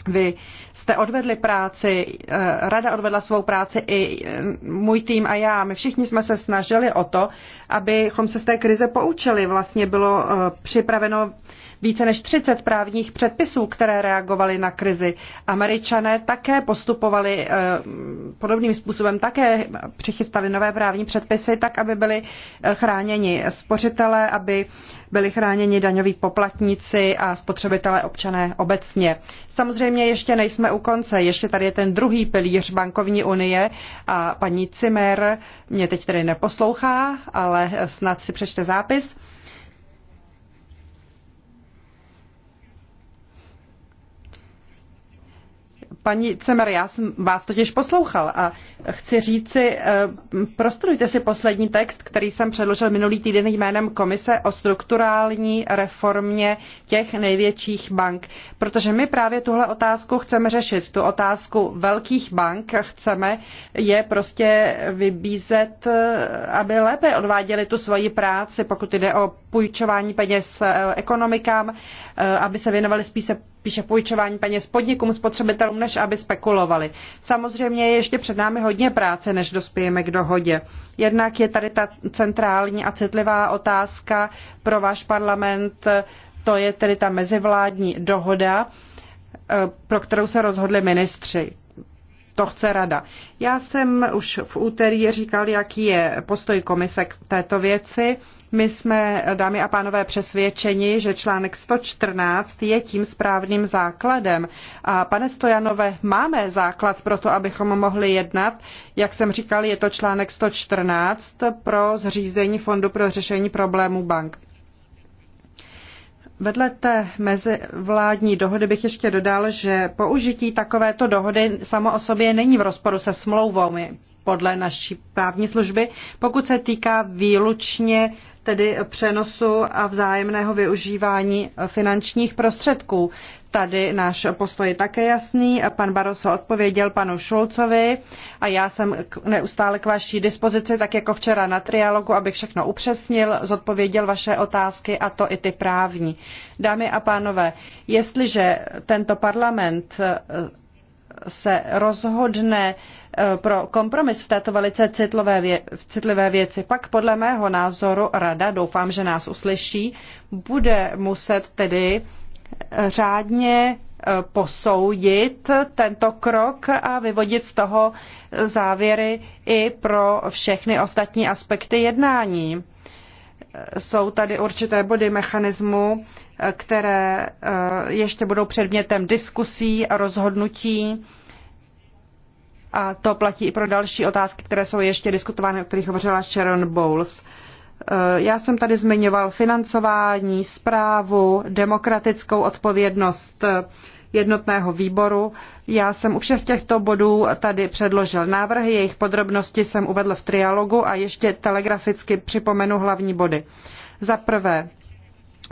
Speaker 3: vy jste odvedli práci, eh, rada odvedla svou práci i eh, můj tým a já. My všichni jsme se snažili o to, abychom se z té krize poučili. Vlastně bylo eh, připraveno více než 30 právních předpisů, které reagovaly na krizi. Američané také postupovali eh, podobným způsobem, také přichystali nové právní předpisy, tak aby byly eh, chráněni spořitelé, aby byli chráněni daňoví poplatníci a spotřebitelé občané obecně. Samozřejmě ještě nejsme u konce, ještě tady je ten druhý pilíř bankovní unie a paní Cimer mě teď tedy neposlouchá, ale snad si přečte zápis. Paní Cemer, já jsem vás totiž poslouchal a chci říci, eh, prostudujte si poslední text, který jsem předložil minulý týden jménem Komise o strukturální reformě těch největších bank. Protože my právě tuhle otázku chceme řešit. Tu otázku velkých bank chceme je prostě vybízet, eh, aby lépe odváděli tu svoji práci, pokud jde o půjčování peněz eh, ekonomikám, aby se věnovali spíše spíše půjčování peněz podnikům, spotřebitelům, než aby spekulovali. Samozřejmě je ještě před námi hodně práce, než dospějeme k dohodě. Jednak je tady ta centrální a citlivá otázka pro váš parlament, to je tedy ta mezivládní dohoda, eh, pro kterou se rozhodli ministři to chce rada. Já jsem už v úterý říkal, jaký je postoj komise k této věci. My jsme, dámy a pánové, přesvědčeni, že článek 114 je tím správným základem. A pane Stojanové, máme základ pro to, abychom mohli jednat. Jak jsem říkal, je to článek 114 pro zřízení Fondu pro řešení problémů bank. Vedle té mezivládní dohody bych ještě dodal, že použití takovéto dohody samo o sobě není v rozporu se smlouvami podle naší právní služby, pokud se týká výlučně tedy přenosu a vzájemného využívání finančních prostředků. Tady náš postoj je také jasný. Pan Baroso odpověděl panu Šulcovi a já jsem neustále k vaší dispozici, tak jako včera na trialogu, abych všechno upřesnil, zodpověděl vaše otázky a to i ty právní. Dámy a pánové, jestliže tento parlament se rozhodne eh, pro kompromis v této velice citlivé, vě- citlivé věci, pak podle mého názoru rada, doufám, že nás uslyší, bude muset tedy eh, řádně eh, posoudit tento krok a vyvodit z toho závěry i pro všechny ostatní aspekty jednání. Jsou tady určité body mechanismu, které eh, ještě budou předmětem diskusí a rozhodnutí. A to platí i pro další otázky, které jsou ještě diskutovány, o kterých hovořila Sharon Bowles. Eh, já jsem tady zmiňoval financování, zprávu, demokratickou odpovědnost eh, jednotného výboru. Já jsem u všech těchto bodů tady předložil návrhy, jejich podrobnosti jsem uvedl v trialogu a ještě telegraficky připomenu hlavní body. Za prvé,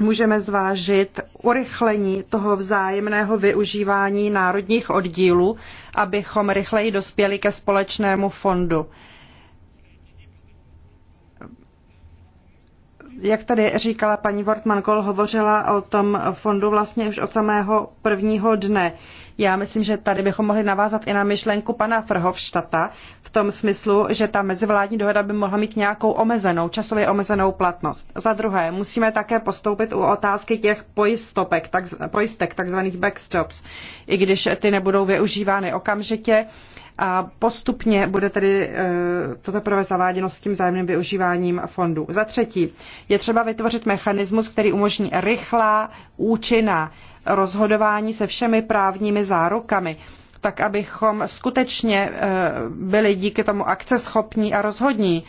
Speaker 3: můžeme zvážit urychlení toho vzájemného využívání národních oddílů, abychom rychleji dospěli ke společnému fondu. Jak tady říkala paní wortmann hovořila o tom fondu vlastně už od samého prvního dne. Uh, já myslím, že tady bychom mohli navázat i na myšlenku pana Frhovštata v tom smyslu, že ta mezivládní dohoda by mohla mít nějakou omezenou, časově omezenou platnost. Za druhé, musíme také postoupit u otázky těch pojistopek, tak, pojistek, takzvaných backstops, i když ty nebudou využívány okamžitě a postupně bude tedy eh, to teprve zaváděno s tím zájemným využíváním fondů. Za třetí, je třeba vytvořit mechanismus, který umožní rychlá, účinná rozhodování se všemi právními zárukami tak abychom skutečně eh, byli díky tomu akceschopní a rozhodní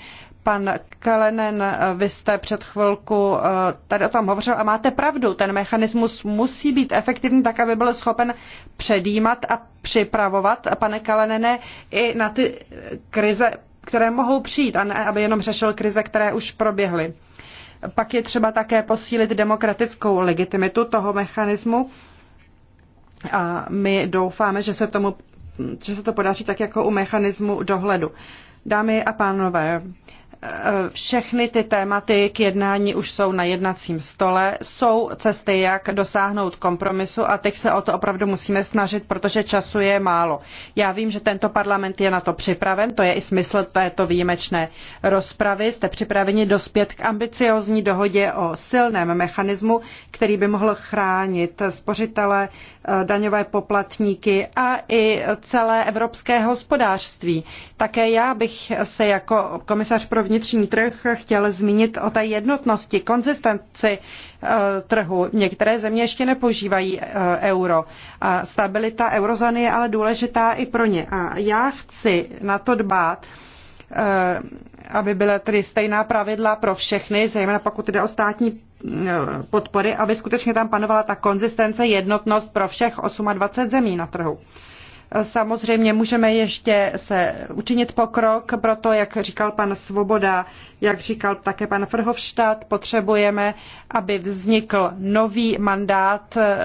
Speaker 3: Pan Kalenen, vy jste před chvilku eh, tady o tom hovořil a máte pravdu. Ten mechanismus musí být efektivní tak, aby byl schopen předjímat a připravovat, pane Kalenene, i na ty krize, které mohou přijít a ne, aby jenom řešil krize, které už proběhly. Pak je třeba také posílit demokratickou legitimitu toho mechanismu a my doufáme, že se, tomu, že se to podaří tak jako u mechanismu dohledu. Dámy a pánové, všechny ty tématy k jednání už jsou na jednacím stole. Jsou cesty, jak dosáhnout kompromisu a teď se o to opravdu musíme snažit, protože času je málo. Já vím, že tento parlament je na to připraven, to je i smysl této výjimečné rozpravy. Jste připraveni dospět k ambiciozní dohodě o silném mechanismu, který by mohl chránit spořitele, eh, daňové poplatníky a i celé evropské hospodářství. Také já bych se jako komisař pro vnitř vnitřní trh chtěl zmínit o té jednotnosti, konzistenci eh, trhu. Některé země ještě nepožívají eh, euro. A stabilita eurozóny je ale důležitá i pro ně. A já chci na to dbát, eh, aby byla tedy stejná pravidla pro všechny, zejména pokud jde o státní podpory, aby skutečně tam panovala ta konzistence, jednotnost pro všech 28 zemí na trhu. Samozřejmě můžeme ještě se učinit pokrok, proto, jak říkal pan Svoboda, jak říkal také pan Frhovštát, potřebujeme, aby vznikl nový mandát eh,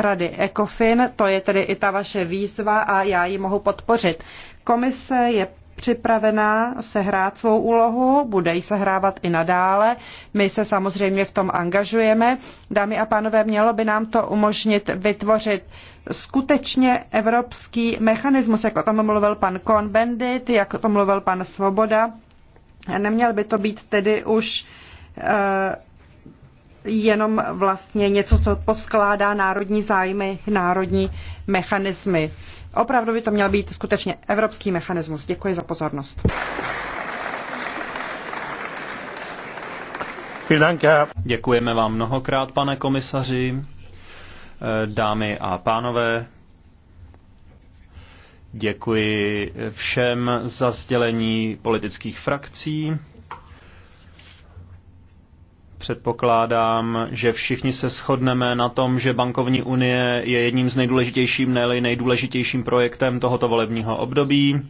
Speaker 3: Rady ECOFIN, to je tedy i ta vaše výzva a já ji mohu podpořit. Komise je připravená sehrát svou úlohu, bude ji sehrávat i nadále. My se samozřejmě v tom angažujeme. Dámy a pánové, mělo by nám to umožnit vytvořit skutečně evropský mechanismus, jak o tom mluvil pan Kohn-Bendit, jak o tom mluvil pan Svoboda. Neměl by to být tedy už eh, jenom vlastně něco, co poskládá národní zájmy, národní mechanismy. Opravdu by to měl být skutečně evropský mechanismus. Děkuji za pozornost.
Speaker 2: Děkujeme vám mnohokrát, pane komisaři. Eh, dámy a pánové. Děkuji všem za sdělení politických frakcí. Předpokládám, že všichni se shodneme na tom, že bankovní unie je jedním z nejdůležitějším, ne nejdůležitějším projektem tohoto volebního období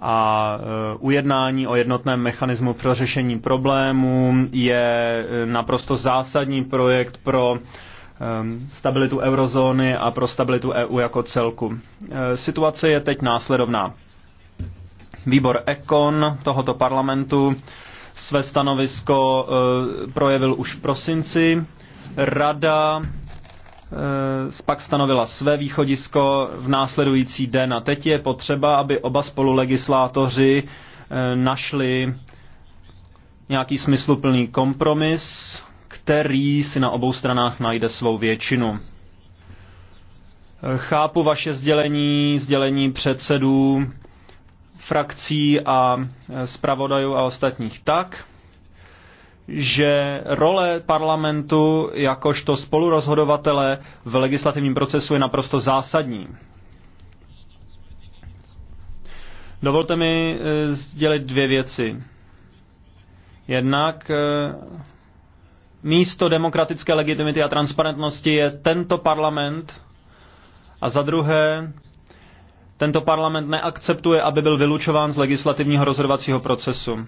Speaker 2: a eh, ujednání o jednotném mechanismu pro řešení problémů je eh, naprosto zásadní projekt pro Ehm, stabilitu eurozóny a pro stabilitu EU jako celku. Eh, situace je teď následovná. Výbor Ekon tohoto parlamentu své stanovisko eh, projevil už v prosinci. Rada eh, pak stanovila své východisko v následující den a teď je potřeba, aby oba spolulegislátoři našli nějaký smysluplný kompromis který si na obou stranách najde svou většinu. Chápu vaše sdělení, sdělení předsedů frakcí a zpravodajů a ostatních tak, že role parlamentu jakožto spolurozhodovatele v legislativním procesu je naprosto zásadní. Dovolte mi eh, sdělit dvě věci. Jednak eh, místo demokratické legitimity a transparentnosti je tento parlament a za druhé tento parlament neakceptuje, aby byl vylučován z legislativního rozhodovacího procesu.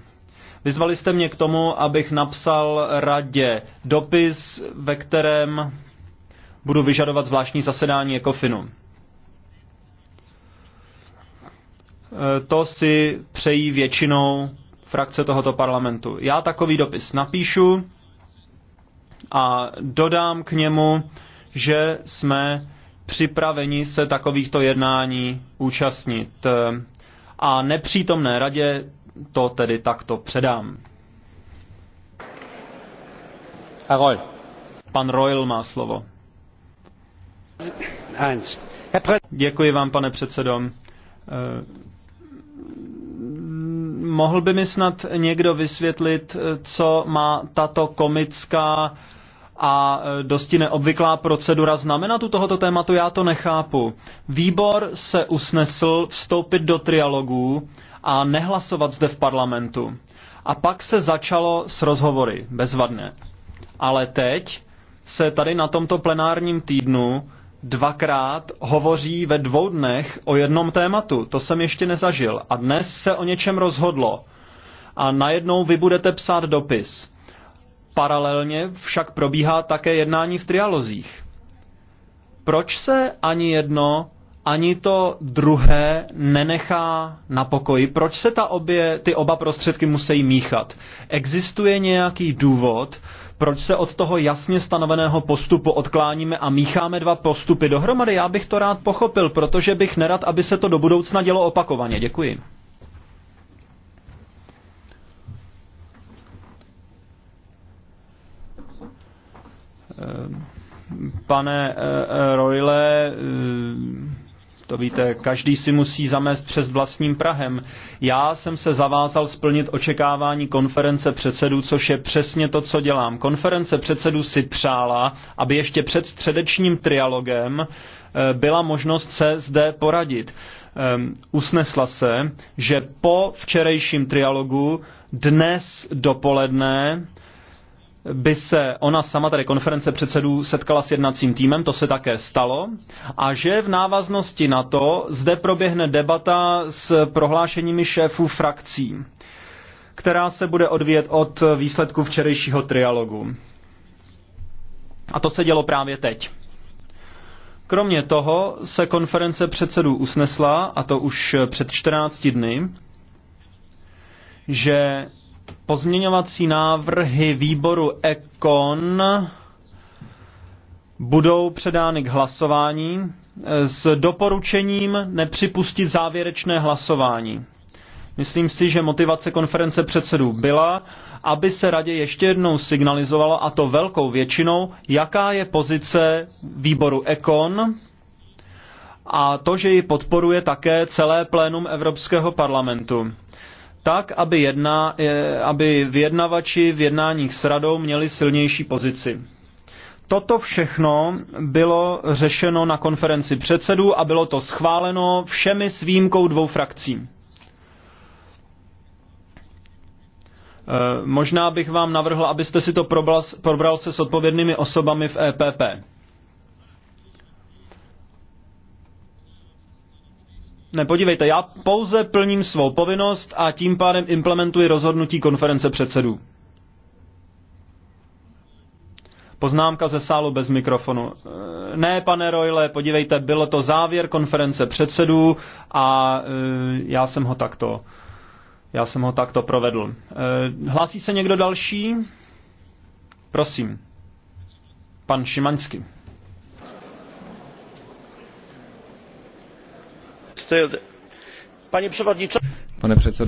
Speaker 2: Vyzvali jste mě k tomu, abych napsal radě dopis, ve kterém budu vyžadovat zvláštní zasedání Ekofinu. E, to si přejí většinou frakce tohoto parlamentu. Já takový dopis napíšu a dodám k němu, že jsme připraveni se takovýchto jednání účastnit. A nepřítomné radě to tedy takto předám. Roy. Pan Royal má slovo. Děkuji vám, pane předsedo. Eh, mohl by mi snad někdo vysvětlit, eh, co má tato komická a e, dosti neobvyklá procedura znamenat u tohoto tématu, já to nechápu. Výbor se usnesl vstoupit do trialogů a nehlasovat zde v parlamentu. A pak se začalo s rozhovory, bezvadné. Ale teď se tady na tomto plenárním týdnu dvakrát hovoří ve dvou dnech o jednom tématu. To jsem ještě nezažil. A dnes se o něčem rozhodlo. A najednou vy budete psát dopis. Paralelně však probíhá také jednání v trialozích. Proč se ani jedno, ani to druhé nenechá na pokoji? Proč se ta obě, ty oba prostředky musí míchat? Existuje nějaký důvod, proč se od toho jasně stanoveného postupu odkláníme a mícháme dva postupy dohromady? Já bych to rád pochopil, protože bych nerad, aby se to do budoucna dělo opakovaně. Děkuji. Eh, pane eh, eh, Royle, to víte, každý si musí zamést přes vlastním Prahem. Já jsem se zavázal splnit očekávání konference předsedů, což je přesně to, co dělám. Konference předsedů si přála, aby ještě před středečním trialogem byla možnost se zde poradit. Usnesla se, že po včerejším trialogu dnes dopoledne by se ona sama, tedy konference předsedů, setkala s jednacím týmem, to se také stalo, a že v návaznosti na to zde proběhne debata s prohlášeními šéfů frakcí, která se bude odvíjet od výsledku včerejšího trialogu. A to se dělo právě teď. Kromě toho se konference předsedů usnesla, a to už před 14 dny, že Pozměňovací návrhy výboru ECON budou předány k hlasování s doporučením nepřipustit závěrečné hlasování. Myslím si, že motivace konference předsedů byla, aby se radě ještě jednou signalizovalo, a to velkou většinou, jaká je pozice výboru ECON a to, že ji podporuje také celé plénum Evropského parlamentu tak, aby, jedna, eh, aby vyjednavači v jednáních s radou měli silnější pozici. Toto všechno bylo řešeno na konferenci předsedů a bylo to schváleno všemi s výjimkou dvou frakcí. Eh, možná bych vám navrhl, abyste si to probral, probral se s odpovědnými osobami v EPP. jasné. Podívejte, já pouze plním svou povinnost a tím pádem implementuji rozhodnutí konference předsedů. Poznámka ze sálu bez mikrofonu. Eh, ne, pane Royle, podívejte, bylo to závěr konference předsedů a eh, já jsem ho takto, já jsem ho takto provedl. Eh, hlásí se někdo další? Prosím. Pan Šimaňský. Pane předsedající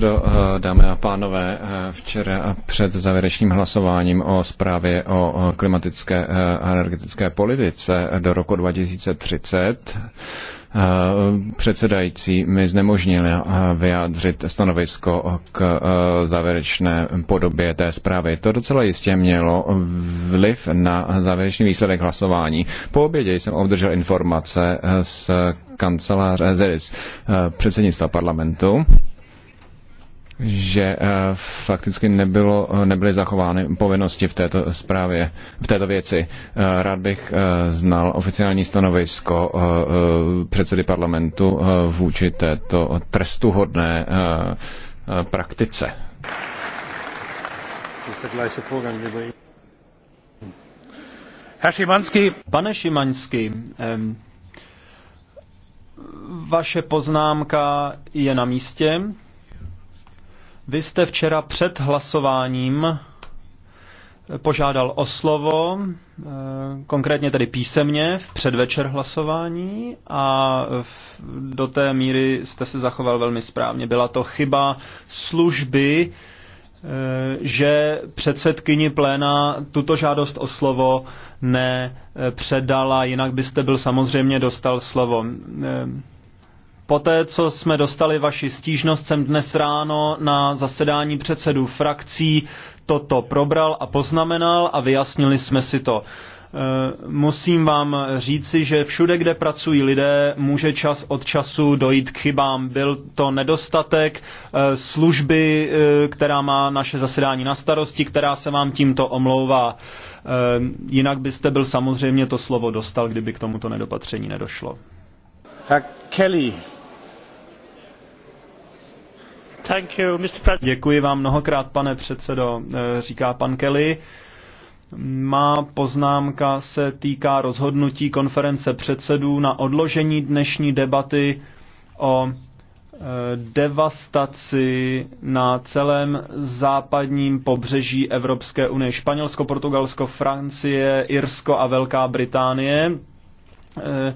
Speaker 1: eh, eh, včera před závěrečným hlasováním o zprávě o klimatické eh, a energetické politice do roku 2030 Eh, předsedající mi znemožnili eh, vyjádřit stanovisko k eh, závěrečné podobě té zprávy. To docela jistě mělo vliv na závěrečný výsledek hlasování. Po obědě jsem obdržel informace z kanceláře, z předsednictva parlamentu, že eh, fakticky nebylo, eh, nebyly zachovány povinnosti v této zprávě, v této věci. Eh, rád bych znal oficiální stanovisko předsedy parlamentu vůči této trestuhodné praktice.
Speaker 2: Pane Šimanský, vaše poznámka je na místě. Vy jste včera před hlasováním eh, požádal o slovo, eh, konkrétně tedy písemně, v předvečer hlasování a do té míry jste se zachoval velmi správně. Byla to chyba služby, eh, že předsedkyni pléna tuto žádost o slovo nepředala, jinak byste byl samozřejmě dostal slovo. Poté, co jsme dostali vaši stížnost, jsem dnes ráno na zasedání předsedů frakcí toto probral a poznamenal a vyjasnili jsme si to. E, musím vám říci, že všude, kde pracují lidé, může čas od času dojít k chybám. Byl to nedostatek e, služby, e, která má naše zasedání na starosti, která se vám tímto omlouvá. Jinak byste byl samozřejmě to slovo dostal, kdyby k tomuto nedopatření nedošlo. Tak Kelly. Děkuji vám mnohokrát, pane předsedo, eh, říká pan Kelly. Má poznámka se týká rozhodnutí konference předsedů na odložení dnešní debaty o eh, devastaci na celém západním pobřeží Evropské unie. Španělsko, Portugalsko, Francie, Irsko a Velká Británie eh,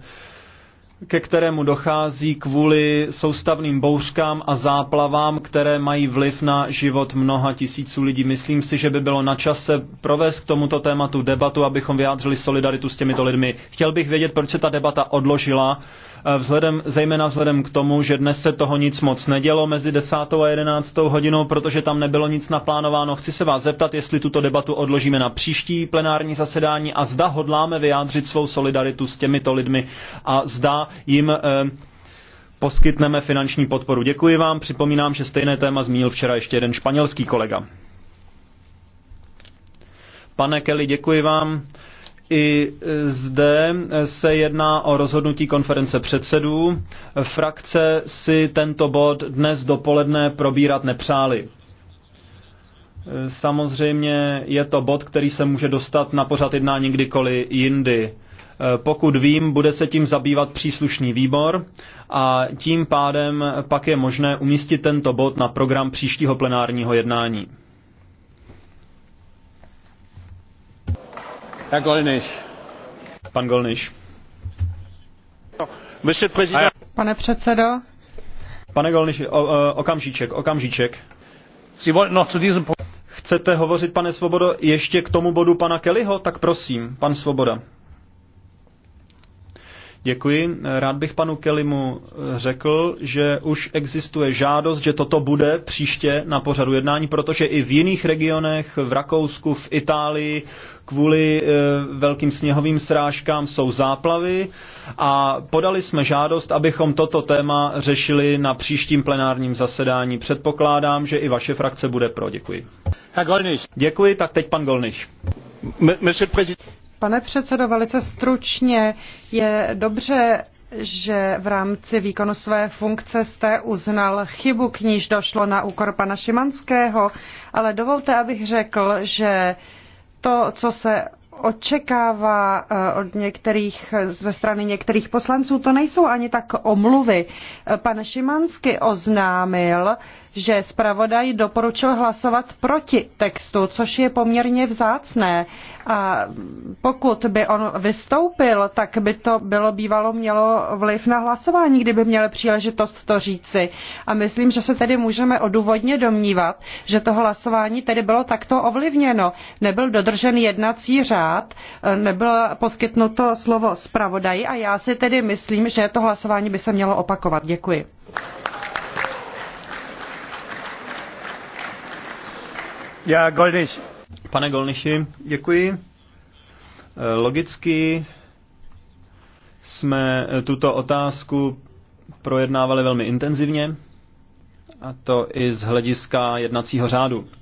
Speaker 2: ke kterému dochází kvůli soustavným bouřkám a záplavám, které mají vliv na život mnoha tisíců lidí. Myslím si, že by bylo na čase provést k tomuto tématu debatu, abychom vyjádřili solidaritu s těmito lidmi. Chtěl bych vědět, proč se ta debata odložila Eh, vzhledem, zejména vzhledem k tomu, že dnes se toho nic moc nedělo mezi 10. a 11. hodinou, protože tam nebylo nic naplánováno. Chci se vás zeptat, jestli tuto debatu odložíme na příští plenární zasedání a zda hodláme vyjádřit svou solidaritu s těmito lidmi a zda jim eh, poskytneme finanční podporu. Děkuji vám, připomínám, že stejné téma zmínil včera ještě jeden španělský kolega. Pane Kelly, děkuji vám. I e, zde se jedná o rozhodnutí konference předsedů. Frakce si tento bod dnes dopoledne probírat nepřáli. E, samozřejmě je to bod, který se může dostat na pořad jednání kdykoliv jindy. E, pokud vím, bude se tím zabývat příslušný výbor a tím pádem pak je možné umístit tento bod na program příštího plenárního jednání. Herr Gollnisch. Pan Gollnisch.
Speaker 3: Pane předsedo.
Speaker 2: Pane Gollnisch, okamžíček, okamžíček. Sie wollten noch zu diesem Chcete hovořit, pane Svobodo, ještě k tomu bodu pana Kellyho? Tak prosím, pan Svoboda. Děkuji. Rád bych panu Kelimu eh, řekl, že už existuje žádost, že toto bude příště na pořadu jednání, protože i v jiných regionech, v Rakousku, v Itálii, kvůli eh, velkým sněhovým srážkám jsou záplavy a podali jsme žádost, abychom toto téma řešili na příštím plenárním zasedání. Předpokládám, že i vaše frakce bude pro. Děkuji. Děkuji, tak teď pan Golniš.
Speaker 3: Pane předsedo, velice stručně je dobře, že v rámci výkonu své funkce jste uznal chybu, k níž došlo na úkor pana Šimanského, ale dovolte, abych řekl, že to, co se očekává eh, od některých, ze strany některých poslanců, to nejsou ani tak omluvy. Pan Šimanský oznámil, že zpravodaj doporučil hlasovat proti textu, což je poměrně vzácné. A pokud by on vystoupil, tak by to bylo bývalo mělo vliv na hlasování, kdyby měl příležitost to říci. A myslím, že se tedy můžeme odůvodně domnívat, že to hlasování tedy bylo takto ovlivněno. Nebyl dodržen jednací řád, nebylo poskytnuto slovo zpravodaji a já si tedy myslím, že to hlasování by se mělo opakovat. Děkuji.
Speaker 2: Golniš. Pane Golniši, děkuji. Eh, logicky jsme eh, tuto otázku projednávali velmi intenzivně, a to i z hlediska jednacího řádu.